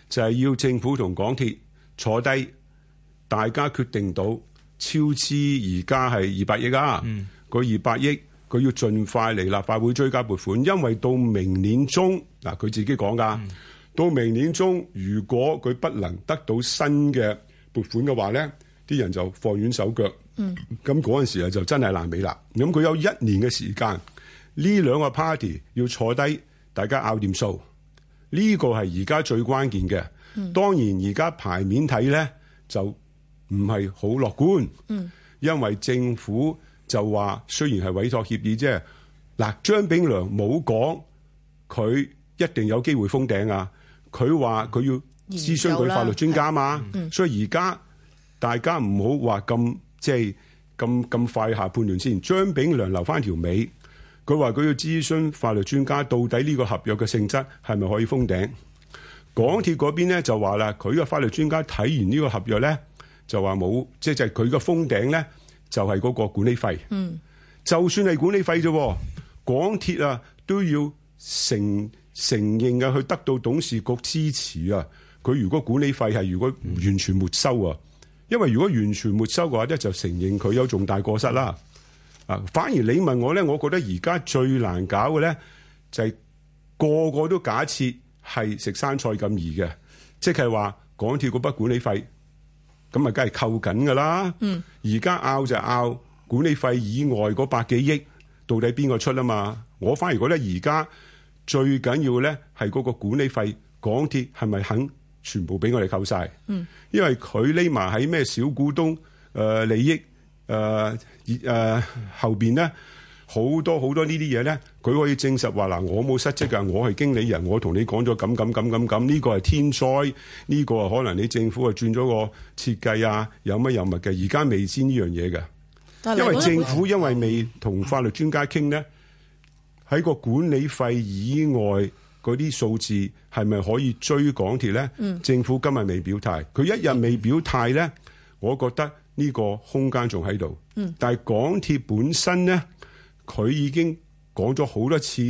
[SPEAKER 6] 就係、是、要政府同港鐵坐低，大家決定到超支而家係二百億啊！嗯，二百億，佢要盡快嚟立法會追加撥款，因為到明年中嗱，佢、啊、自己講噶，嗯、到明年中如果佢不能得到新嘅撥款嘅話咧，啲人就放軟手腳。嗯，咁嗰陣時候就真係爛尾啦。咁佢有一年嘅時間。呢兩個 party 要坐低，大家拗掂數，呢、呢個係而家最關鍵嘅。嗯、當然而家牌面睇咧，就唔係好樂觀，嗯、因為政府就話雖然係委託協議，啫，嗱，張炳良冇講佢一定有機會封頂啊，佢話佢要諮詢佢法律專家嘛，嗯嗯、所以而家大家唔好話咁即係咁咁快下判斷先。張炳良留翻條尾。佢話佢要諮詢法律專家，到底呢個合約嘅性質係咪可以封頂？港鐵嗰邊咧就話啦，佢個法律專家睇完呢個合約咧，就話冇，即係就係佢個封頂咧，就係嗰個管理費。嗯，就算係管理費啫，港鐵啊都要承承認啊，佢得到董事局支持啊。佢如果管理費係如果完全沒收啊，因為如果完全沒收嘅話咧，就承認佢有重大過失啦。啊！反而你問我咧，我覺得而家最難搞嘅咧，就係、是、個個都假設係食生菜咁易嘅，即係話港鐵嗰筆管理費，咁啊梗係扣緊㗎啦。嗯，而家拗就拗管理費以外嗰百幾億，到底邊個出吖嘛？我反而覺得而家最緊要咧，係嗰個管理費，港鐵係咪肯全部俾我哋扣晒？嗯，因為佢匿埋喺咩小股東誒、呃、利益。誒，而誒、呃呃、後邊咧，好多好多呢啲嘢咧，佢可以證實話嗱、呃，我冇失職噶，我係經理人，我同你講咗咁咁咁咁咁，呢個係天災，呢個可能你政府係轉咗個設計啊，有乜有物嘅，而家未知呢樣嘢嘅，
[SPEAKER 9] 因為政府
[SPEAKER 6] 因為未同法律專家傾咧，喺個管理費以外嗰啲數字係咪可以追港鐵咧？嗯、政府今日未表態，佢一日未表態咧，我覺得、嗯。呢個空間仲喺度，但係港鐵本身咧，佢已經講咗好多次，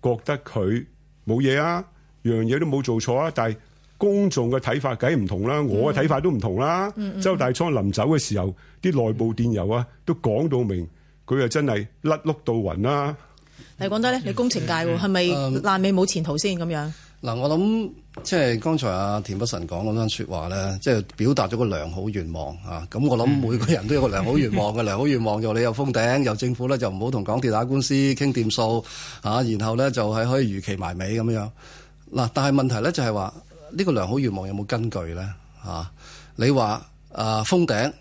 [SPEAKER 6] 覺得佢冇嘢啊，樣嘢都冇做錯啊。但係公眾嘅睇法，梗係唔同啦，我嘅睇法都唔同啦。周大滄臨走嘅時候，啲內部電郵啊，都講到明，佢啊真係甩碌到暈啦。
[SPEAKER 4] 你講得咧，你、嗯、工程界係咪爛尾冇前途先咁樣？
[SPEAKER 5] 嗱，我諗即係剛才阿田北辰講嗰番說話咧，即係表達咗個良好願望啊！咁我諗每個人都有個良好願望嘅 良好願望就又，就你有封頂，由政府咧就唔好同港鐵打官司，傾掂數啊，然後咧就係可以如期埋尾咁樣。嗱、啊，但係問題咧就係話呢個良好願望有冇根據咧？啊，你話啊封頂，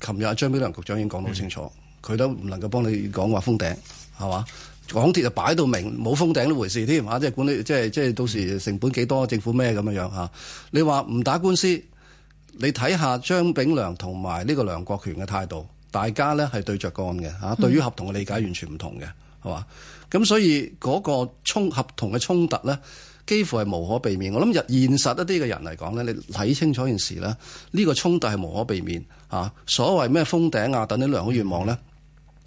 [SPEAKER 5] 琴日張炳良局、局長已經講得好清楚，佢、嗯、都唔能夠幫你講話封頂，係嘛？港鐵就擺到明，冇封頂呢回事添，嚇、啊！即係管理，即係即係到時成本幾多，政府咩咁樣樣嚇、啊？你話唔打官司，你睇下張炳良同埋呢個梁國權嘅態度，大家呢係對着幹嘅嚇，對於合同嘅理解完全唔同嘅，係嘛、嗯？咁所以嗰個衝合同嘅衝突呢，幾乎係無可避免。我諗日現實一啲嘅人嚟講呢，你睇清楚件事呢，呢、這個衝突係無可避免嚇、啊。所謂咩封頂啊，等你良好願望呢。嗯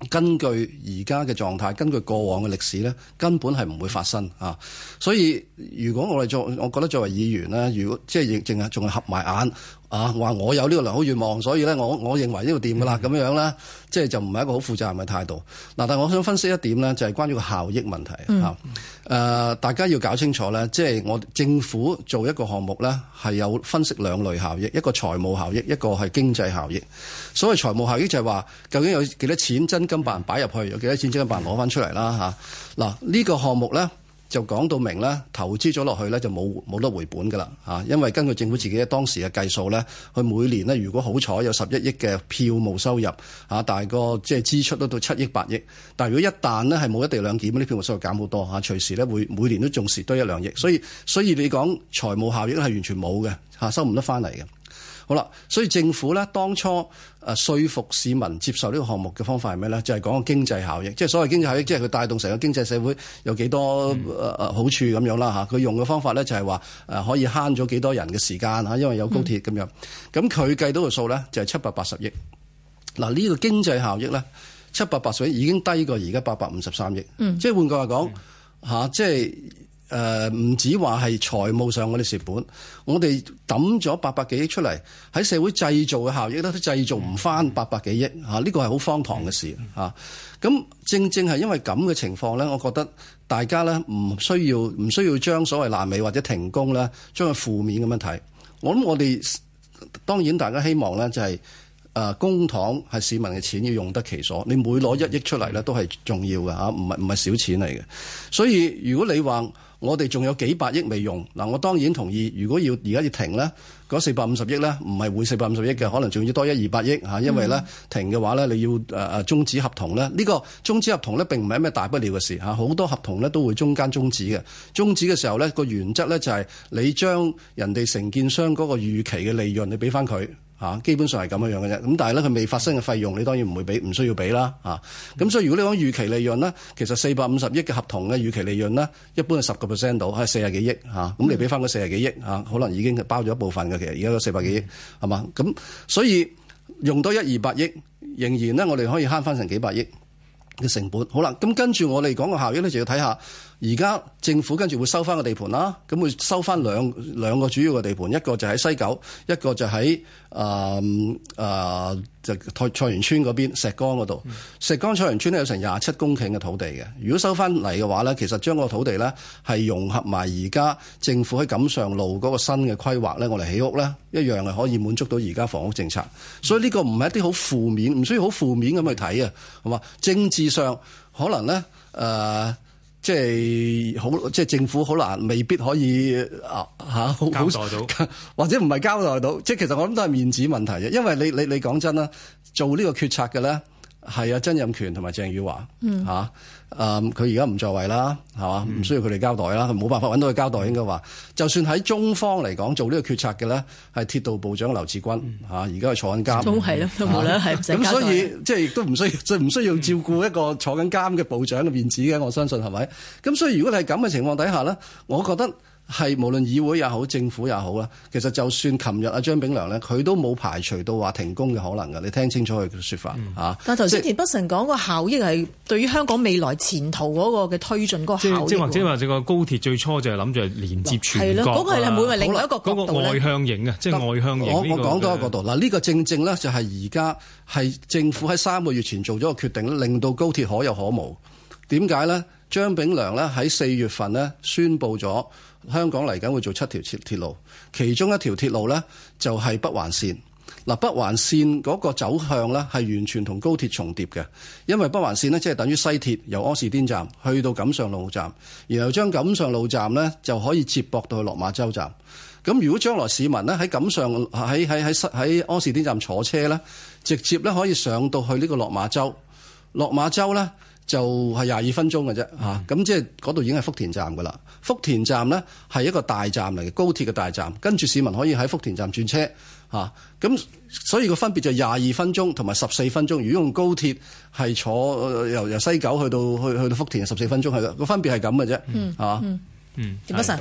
[SPEAKER 5] 根據而家嘅狀態，根據過往嘅歷史咧，根本係唔會發生啊！所以如果我哋作，我覺得作為議員咧，如果即係亦淨係仲係合埋眼。啊！話我有呢個良好願望，所以咧，我我認為呢個掂噶啦，咁樣咧，即係就唔係一個好負責任嘅態度。嗱，但係我想分析一點呢，就係關於個效益問題嚇。誒，大家要搞清楚呢，即係我政府做一個項目呢，係有分析兩類效益，一個財務效益，一個係經濟效益。所謂財務效益就係話，究竟有幾多錢真金白銀擺入去，有幾多錢真金白銀攞翻出嚟啦嚇。嗱，呢個項目呢，就講到明啦，投資咗落去咧就冇冇得回本噶啦，嚇、啊！因為根據政府自己當時嘅計數咧，佢每年呢，如果好彩有十一億嘅票務收入，嚇、啊，但係大概即係支出都到七億八億。但係如果一旦呢，係冇一地兩檢，啲票務收入減好多嚇、啊，隨時咧會每年都仲蝕多一兩億。所以所以你講財務效益係完全冇嘅嚇，收唔得翻嚟嘅。好啦，所以政府咧當初。誒說服市民接受呢個項目嘅方法係咩咧？就係、是、講經濟效益，即係所謂經濟效益，即係佢帶動成個經濟社會有幾多誒好處咁、嗯、樣啦嚇。佢用嘅方法咧就係話誒可以慳咗幾多人嘅時間嚇，因為有高鐵咁、嗯、樣。咁佢計到個數咧就係七百八十億。嗱、這、呢個經濟效益咧，七百八十億已經低過而家八百五十三億。即係換句話講嚇，即係。誒唔、呃、止話係財務上我哋蝕本，我哋抌咗八百幾億出嚟，喺社會製造嘅效益都製造唔翻八百幾億嚇，呢個係好荒唐嘅事嚇。咁、啊、正正係因為咁嘅情況咧，我覺得大家咧唔需要唔需要將所謂爛尾或者停工咧，將佢負面咁樣睇。我諗我哋當然大家希望咧就係、是、誒、啊、公帑係市民嘅錢要用得其所，你每攞一億出嚟咧都係重要嘅嚇，唔係唔係少錢嚟嘅。所以如果你話我哋仲有幾百億未用嗱，我當然同意。如果要而家要停咧，嗰四百五十億咧唔係換四百五十億嘅，可能仲要多一二百億嚇，因為咧停嘅話咧，你要誒誒終止合同咧。呢個終止合同咧並唔係咩大不了嘅事嚇，好多合同咧都會中間終止嘅。終止嘅時候咧個原則咧就係你將人哋承建商嗰個預期嘅利潤你俾翻佢。啊，基本上係咁樣樣嘅啫。咁但係咧，佢未發生嘅費用，你當然唔會俾，唔需要俾啦。啊，咁所以如果你講預期利潤咧，其實四百五十億嘅合同嘅預期利潤咧，一般係十個 percent 度，係四廿幾億吓。咁，啊，你俾翻嗰四廿幾億吓，啊，可能已經係包咗一部分嘅。其實而家四百幾億係嘛，咁所以用多一二百億，仍然咧我哋可以慳翻成幾百億嘅成本。好啦，咁跟住我哋講個效益咧，就要睇下。而家政府跟住會收翻個地盤啦，咁會收翻兩兩個主要嘅地盤，一個就喺西九，一個就喺誒誒就菜菜園村嗰邊石崗嗰度。石崗菜園村咧有成廿七公頃嘅土地嘅，如果收翻嚟嘅話咧，其實將個土地咧係融合埋而家政府喺錦上路嗰個新嘅規劃咧，我哋起屋咧一樣係可以滿足到而家房屋政策。所以呢個唔係一啲好負面，唔需要好負面咁去睇啊，係嘛？政治上可能咧誒，呃即係好，即係政府好難，未必可以啊嚇，好、啊、好交代到 或者唔係交代到，即係其實我諗都係面子問題啫。因為你你你講真啦，做呢個決策嘅咧。係啊，曾蔭權同埋鄭汝樺嚇，誒佢而家唔在位啦，係嘛？唔需要佢哋交代啦，冇、嗯、辦法揾到佢交代應該話。就算喺中方嚟講做呢個決策嘅咧，係鐵道部長劉志軍嚇，而家係坐緊監，都係咯，都冇啦，係咁、啊， 所以即係亦都唔需即係唔需要照顧一個坐緊監嘅部長嘅面子嘅，我相信係咪？咁所以如果係咁嘅情況底下咧，我覺得。係無論議會也好，政府也好啦，其實就算琴日阿張炳良呢，佢都冇排除到話停工嘅可能噶。你聽清楚佢嘅說法嚇。嗯啊、
[SPEAKER 4] 但係頭先田北辰講個效益係對於香港未來前途嗰個嘅推進嗰個效益。即係或者話，
[SPEAKER 2] 呢個高鐵最初就係諗住連接
[SPEAKER 4] 全國。係咯、啊，嗰、那個係唔另外一
[SPEAKER 5] 個角度外向
[SPEAKER 2] 型啊，即係好外向
[SPEAKER 5] 型。我、這個、我講多一個角度嗱，呢的個正正呢，就係而家係政府喺三個月前做咗個決定，令到高鐵可有可無。點解呢？張炳良呢，喺四月份呢，宣布咗。香港嚟緊會做七條鐵鐵路，其中一條鐵路呢就係、是、北環線。嗱，北環線嗰個走向呢係完全同高鐵重疊嘅，因為北環線呢即係、就是、等於西鐵由柯士甸站去到錦上路站，然後將錦上路站呢就可以接駁到去落馬洲站。咁如果將來市民呢喺錦上喺喺喺喺柯士甸站坐車呢，直接呢可以上到去呢個落馬洲。落馬洲呢就係廿二分鐘嘅啫，嚇、嗯！咁即係嗰度已經係福田站噶啦。福田站呢係一個大站嚟嘅高鐵嘅大站，跟住市民可以喺福田站轉車吓。咁、啊、所以個分別就係廿二分鐘同埋十四分鐘。如果用高鐵係坐由由西九去到去去到福田，十四分鐘係啦。個分別係咁嘅啫。嗯，啊，
[SPEAKER 7] 嗯，點不
[SPEAKER 6] 是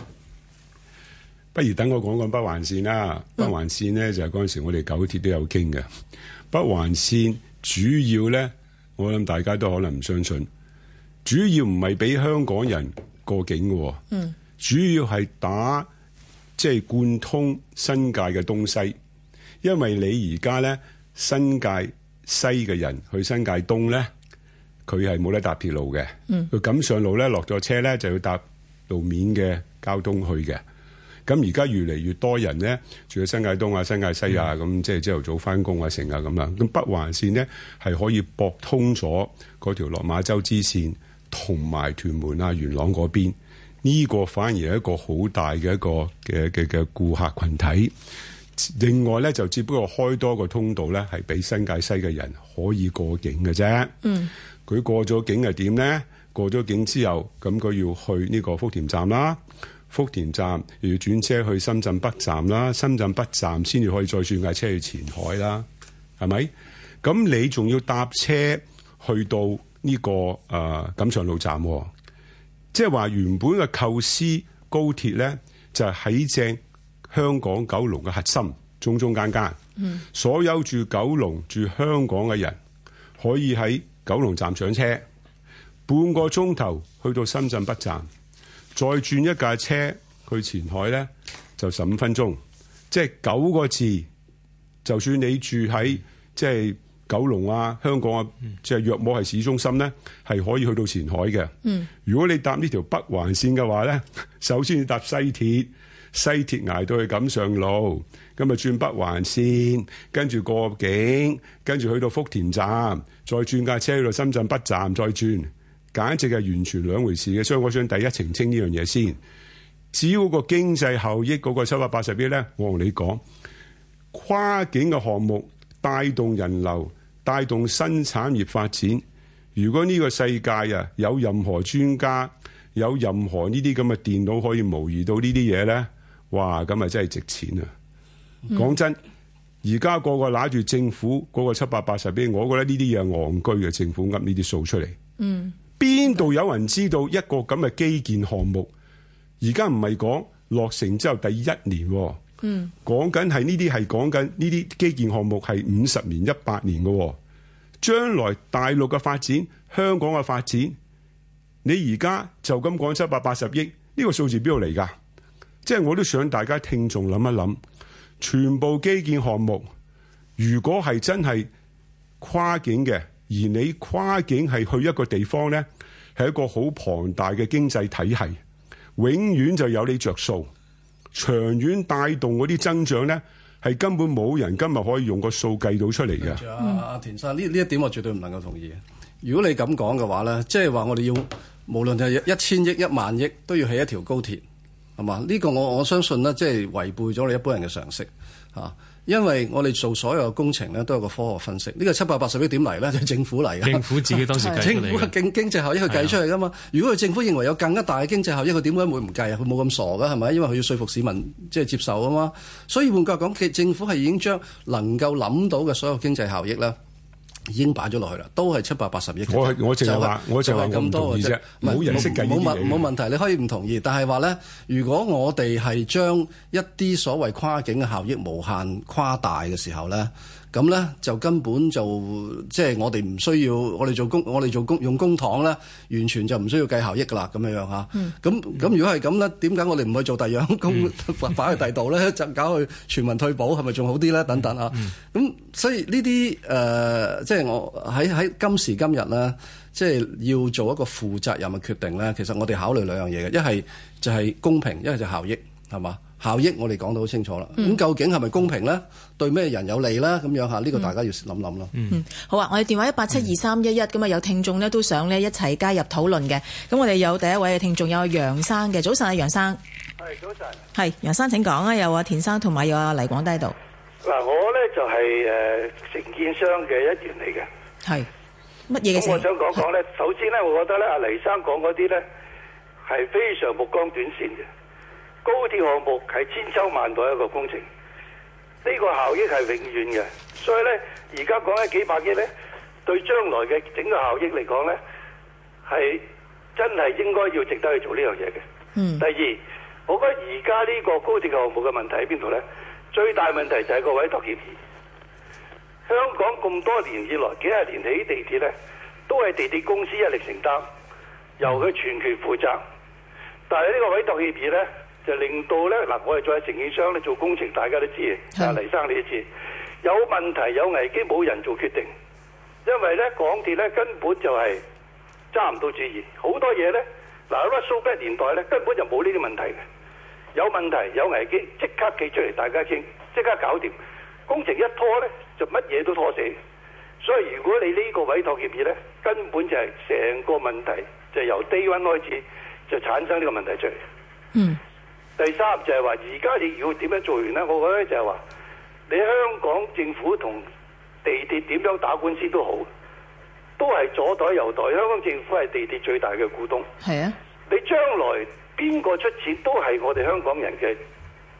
[SPEAKER 6] 不如等我講講北環線啦。嗯、北環線呢就係嗰陣時我哋九鐵都有傾嘅。嗯、北環線主要呢，我諗大家都可能唔相信，主要唔係俾香港人。過境嘅，嗯、主要係打即係貫通新界嘅東西，因為你而家咧新界西嘅人去新界東咧，佢係冇得搭鐵路嘅，佢咁、嗯、上路咧落咗車咧就要搭路面嘅交通去嘅，咁而家越嚟越多人咧住喺新界東啊、新界西啊，咁、嗯、即係朝頭早翻工啊、成啊咁樣，咁北環綫咧係可以駁通咗嗰條落馬洲支綫。同埋屯門啊、元朗嗰邊，呢個反而係一個好大嘅一個嘅嘅嘅顧客群體。另外咧，就只不過開多個通道咧，係俾新界西嘅人可以過境嘅啫。嗯，佢過咗境係點咧？過咗境之後，咁佢要去呢個福田站啦，福田站又要轉車去深圳北站啦，深圳北站先至可以再轉架車去前海啦，係咪？咁你仲要搭車去到？呢個誒錦上路站，即係話原本嘅構思高鐵咧，就係喺正香港九龍嘅核心中中間間，嗯、所有住九龍住香港嘅人可以喺九龍站上車，半個鐘頭去到深圳北站，再轉一架車去前海咧，就十五分鐘，即係九個字，就算你住喺即係。就是九龍啊，香港啊，即係若冇係市中心咧，係可以去到前海嘅。嗯、如果你搭呢條北環綫嘅話咧，首先要搭西鐵，西鐵挨到去錦上路，咁啊轉北環綫，跟住過境，跟住去到福田站，再轉架車去到深圳北站，再轉，簡直係完全兩回事嘅。所以我想第一澄清呢樣嘢先。只要個經濟效益嗰個七百八十億咧，我同你講，跨境嘅項目。帶動人流，帶動新產業發展。如果呢個世界啊有任何專家，有任何呢啲咁嘅電腦可以模擬到呢啲嘢咧，哇！咁啊真係值錢啊！講、嗯、真，而家個個拿住政府嗰、嗰個七百八十 billion 我覺得呢啲嘢係戇居嘅。政府噏呢啲數出嚟，邊度、嗯、有人知道一個咁嘅基建項目？而家唔係講落成之後第一年。嗯，講緊係呢啲係講緊呢啲基建項目係五十年、一百年嘅，哦，將來大陸嘅發展、香港嘅發展，你而家就咁講七百八十億呢個數字邊度嚟噶？即係我都想大家聽眾諗一諗，全部基建項目如果係真係跨境嘅，而你跨境係去一個地方呢，係一個好龐大嘅經濟體系，永遠就有你着數。長遠帶動嗰啲增長咧，係根本冇人今日可以用個數計到出嚟嘅。
[SPEAKER 5] 阿田生，呢呢一點我絕對唔能夠同意。如果你咁講嘅話咧，即係話我哋要無論係一千億、一萬億，都要起一條高鐵，係嘛？呢個我我相信咧，即係違背咗你一般人嘅常識嚇。啊因為我哋做所有工程咧，都有個科學分析。呢個七百八十億點嚟咧，就係、政府嚟嘅。政府自己當時計 政府嘅經經濟效益佢計出嚟噶嘛？如果佢政府認為有更加大嘅經濟效益，佢點解會唔計啊？佢冇咁傻噶，係咪？因為佢要說服市民即係、就係、接受啊嘛。所以換句話講，其實政府係已經將能夠諗到嘅所有經濟效益啦。已經擺咗落去啦，都係七百八十億。我，我係、就係、我淨係話，就係、咁多我淨係唔同意啫。冇人識計，冇問沒，冇問題，你可以唔同意。但係話咧，如果我哋係將一啲所謂跨境嘅效益無限誇大嘅時候咧。咁咧就根本就即係、就是、我哋唔需要，我哋做公，我哋做公用公帑咧，完全就唔需要計效益噶啦，咁樣樣嚇。咁咁如果係咁咧，點解我哋唔去做第二樣工擺喺第二度咧？就搞去全民退保係咪仲好啲咧？等等啊。咁、嗯嗯、所以呢啲誒，即、呃、係、就是、我喺喺今時今日咧，即、就、係、是、要做一個負責任嘅決定咧。其實我哋考慮兩樣嘢嘅，一係就係公平，一係就效益，係嘛？效益我哋講得好清楚啦，咁、嗯、究竟係咪公平咧？對咩人有利咧？咁樣嚇，呢、呢個大家要諗諗咯。嗯，
[SPEAKER 4] 好啊，我哋電話一八七二三一一咁嘛，有聽眾咧都想咧一齊加入討論嘅。咁我哋有第一位嘅聽眾有楊生嘅，早晨啊，楊生。係
[SPEAKER 10] 早晨。
[SPEAKER 4] 係，楊生請講啊，有啊田生同埋有啊黎廣德喺度。
[SPEAKER 10] 嗱，我咧就係誒承建商嘅一員嚟嘅。係，
[SPEAKER 4] 乜嘢嘅
[SPEAKER 7] 我想
[SPEAKER 10] 講講咧，是首先咧，我覺得咧，阿黎生講嗰啲咧係非常目光短線嘅。高鐵項目係千秋萬代一個工程，呢個效益係永遠嘅，所以咧而家講緊幾百億咧，對將來嘅整個效益嚟講咧，係真係應該要值得去做呢樣嘢嘅。嗯。第二，我覺得而家呢個高鐵嘅項目嘅問題喺邊度咧？最大問題就係個委託協議。香港咁多年以來，幾廿年起地鐵咧，都係地鐵公司一力承擔，由佢全權負責。嗯、但係呢個委託協議咧？就令到咧嗱，我哋做喺承建商咧做工程，大家都知啊，黎生你都知。有問題有危機，冇人做決定，因為咧港鐵咧根本就係揸唔到主意，好多嘢咧嗱，喺乜蘇格年代咧根本就冇呢啲問題嘅。有問題有危機，即刻企出嚟大家傾，即刻搞掂。工程一拖咧，就乜嘢都拖死。所以如果你呢個委託協議咧，根本就係成個問題就由 day one 開始就產生呢個問題出嚟。嗯。第三就係、是、話，而家你要點樣做完呢？我覺得就係話，你香港政府同地鐵點樣打官司都好，都係左袋右袋。香港政府係地鐵最大嘅股東。係啊，你將來邊個出錢都係我哋香港人嘅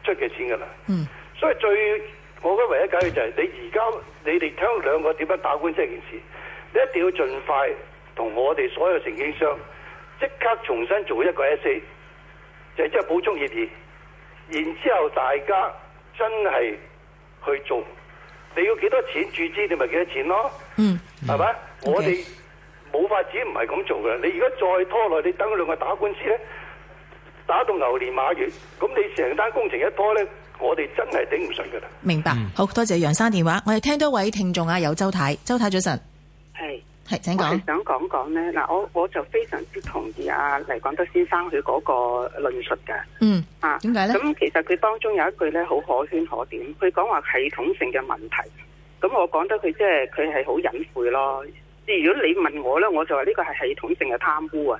[SPEAKER 10] 出嘅錢㗎啦。嗯，所以最我覺得唯一解決就係、是、你而家你哋聽兩個點樣打官司件事，你一定要盡快同我哋所有承建商即刻重新做一個 S。就即係補充協議，然之後大家真係去做，你要幾多錢注資，你咪幾多錢咯。嗯，係咪？嗯、我哋冇法子唔係咁做嘅。你如果再拖耐，你等兩個打官司咧，打到牛年馬月，咁你成單工程一拖咧，我哋真係頂唔順噶啦。
[SPEAKER 4] 明白，嗯、好多謝楊生電話。我哋聽多位聽眾呀，有周太，周太早晨。係。係，請講。我係
[SPEAKER 9] 想講講咧，嗱，我我就非常之同意阿、啊、黎廣德先生佢嗰個論述嘅。嗯，啊，點解咧？咁其實佢當中有一句咧，好可圈可點。佢講話系統性嘅問題。咁我講得佢即係佢係好隱晦咯。即係如果你問我咧，我就話呢個係系統性嘅貪污啊。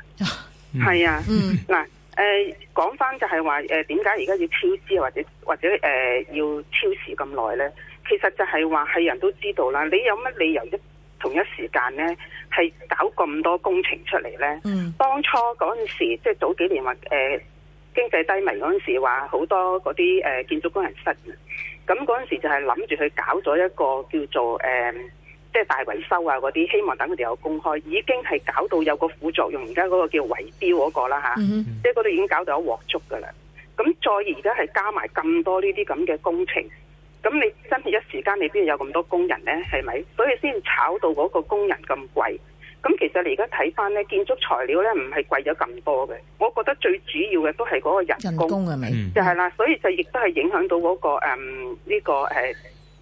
[SPEAKER 9] 係、嗯、啊。嗯。嗱、啊，誒、呃，講翻就係話，誒，點解而家要超支或者或者誒要超時咁耐咧？其實就係話係人都知道啦。你有乜理由一？同一時間咧，係搞咁多工程出嚟咧。Mm hmm. 當初嗰陣時，即、就、係、是、早幾年話誒、呃、經濟低迷嗰陣時，話好多嗰啲誒建築工人失業。咁嗰陣時就係諗住去搞咗一個叫做誒、即、呃、係、就是、大維修啊嗰啲，希望等佢哋有工開，已經係搞到有個副作用。而家嗰個叫圍標嗰、那個啦吓，即係嗰度已經搞到一鑊粥嘅啦。咁再而家係加埋咁多呢啲咁嘅工程。咁你真係一時間你邊有咁多工人呢？係咪？所以先炒到嗰個工人咁貴。咁其實你而家睇翻呢建築材料呢，唔係貴咗咁多嘅。我覺得最主要嘅都係嗰個人工係咪？是是就係啦，所以就亦都係影響到嗰、嗰個呢、嗯呢個誒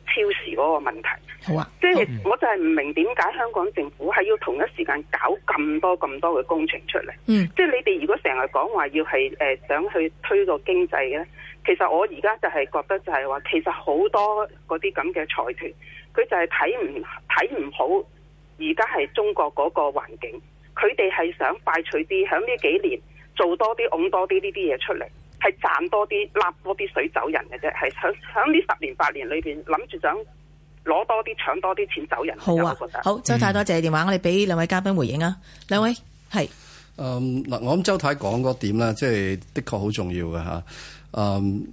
[SPEAKER 9] 超時嗰個問題。
[SPEAKER 4] 好啊，
[SPEAKER 9] 即係我就係唔明點解香港政府係要同一時間搞咁多咁多嘅工程出嚟。即係、嗯、你哋如果成日講話要係誒想去推個經濟咧。其實我而家就係覺得就係話，其實好多嗰啲咁嘅財團，佢就係睇唔睇唔好而家係中國嗰個環境，佢哋係想快脆啲，響呢幾年做多啲，㧬多啲呢啲嘢出嚟，係賺多啲，納多啲水走人嘅啫。係響響呢十年八年裏邊諗住想攞多啲搶多啲錢走人。好啊，覺得好，周太
[SPEAKER 5] 多謝、嗯、
[SPEAKER 4] 電話，我哋俾兩位
[SPEAKER 5] 嘉賓回應啊。兩位係，嗯，嗱，我諗周太講嗰點咧，即係的確好重要嘅吓。誒，um,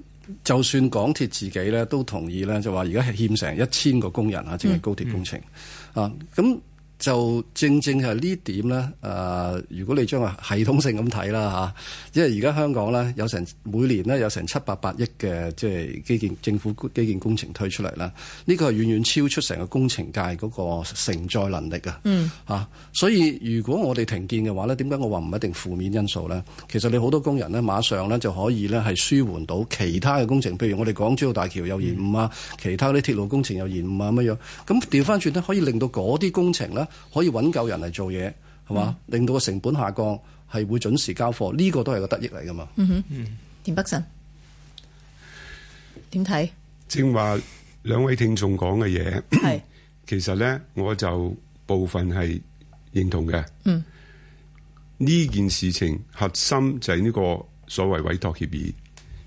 [SPEAKER 5] 就算港鐵自己咧都同意咧，就話而家係欠成一千個工人啊，嗯、即係高鐵工程、嗯、啊，咁。就正正係呢點咧，誒、呃、如果你將係系統性咁睇啦吓，因為而家香港咧有成每年咧有成七八百億嘅即係基建政府基建工程推出嚟啦，呢、這個係遠遠超出成個工程界嗰個承載能力嗯啊嗯吓，所以如果我哋停建嘅話咧，點解我話唔一定負面因素咧？其實你好多工人咧，馬上咧就可以咧係舒緩到其他嘅工程，譬如我哋港珠澳大橋又延誤啊，其他啲鐵路工程又延誤啊乜樣，咁調翻轉咧可以令到嗰啲工程咧。可以揾夠人嚟做嘢，係嘛？令到個成本下降，係會準時交貨。呢個都係個得益嚟噶嘛？嗯哼，
[SPEAKER 4] 田北辰點睇？
[SPEAKER 6] 正話兩位聽眾講嘅嘢，係是其實咧，我就部分係認同嘅。嗯，呢件事情核心就係呢個所謂委託協議，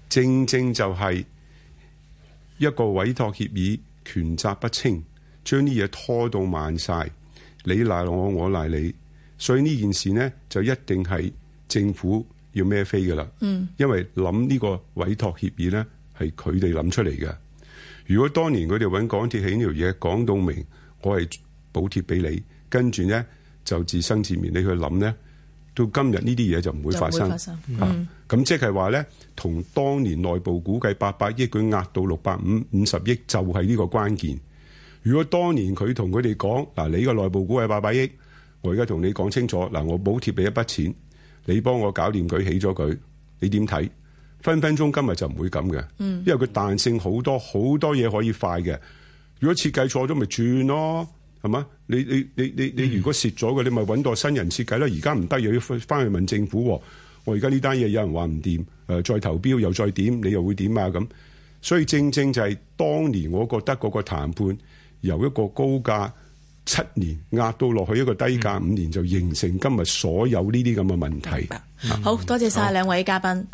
[SPEAKER 6] 正正就係一個委託協議權責不清，將啲嘢拖到慢晒。你賴我，我賴你，所以呢件事呢，就一定係政府要孭飛噶啦。嗯，因為諗呢個委託協議呢，係佢哋諗出嚟嘅。如果當年佢哋揾港鐵起呢條嘢，講到明，我係補貼俾你，跟住呢，就自生自滅，你去諗呢，到今日呢啲嘢就唔會發生。唔會發生。啊，咁，嗯，即係話呢，同當年內部估計八百億佢壓到六百五五十億，就係呢個關鍵。如果當年佢同佢哋講嗱，你個內部估係八百億，我而家同你講清楚嗱，我補貼畀一筆錢，你幫我搞掂佢起咗佢，你點睇？分分鐘今日就唔會咁嘅，因為佢彈性好多好多嘢可以快嘅。如果設計錯咗，咪轉咯，係嘛？你你你你你，你如果蝕咗嘅，你咪揾個新人設計啦。而家唔得又要翻去問政府，我而家呢單嘢有人話唔掂，誒、呃、再投標又再點？你又會點啊咁？所以正正就係當年我覺得嗰個談判。由一個高價七年壓到落去一個低價五年，嗯、就形成今日所有呢啲咁嘅問題。明白。啊、
[SPEAKER 4] 好多謝晒兩位嘉賓。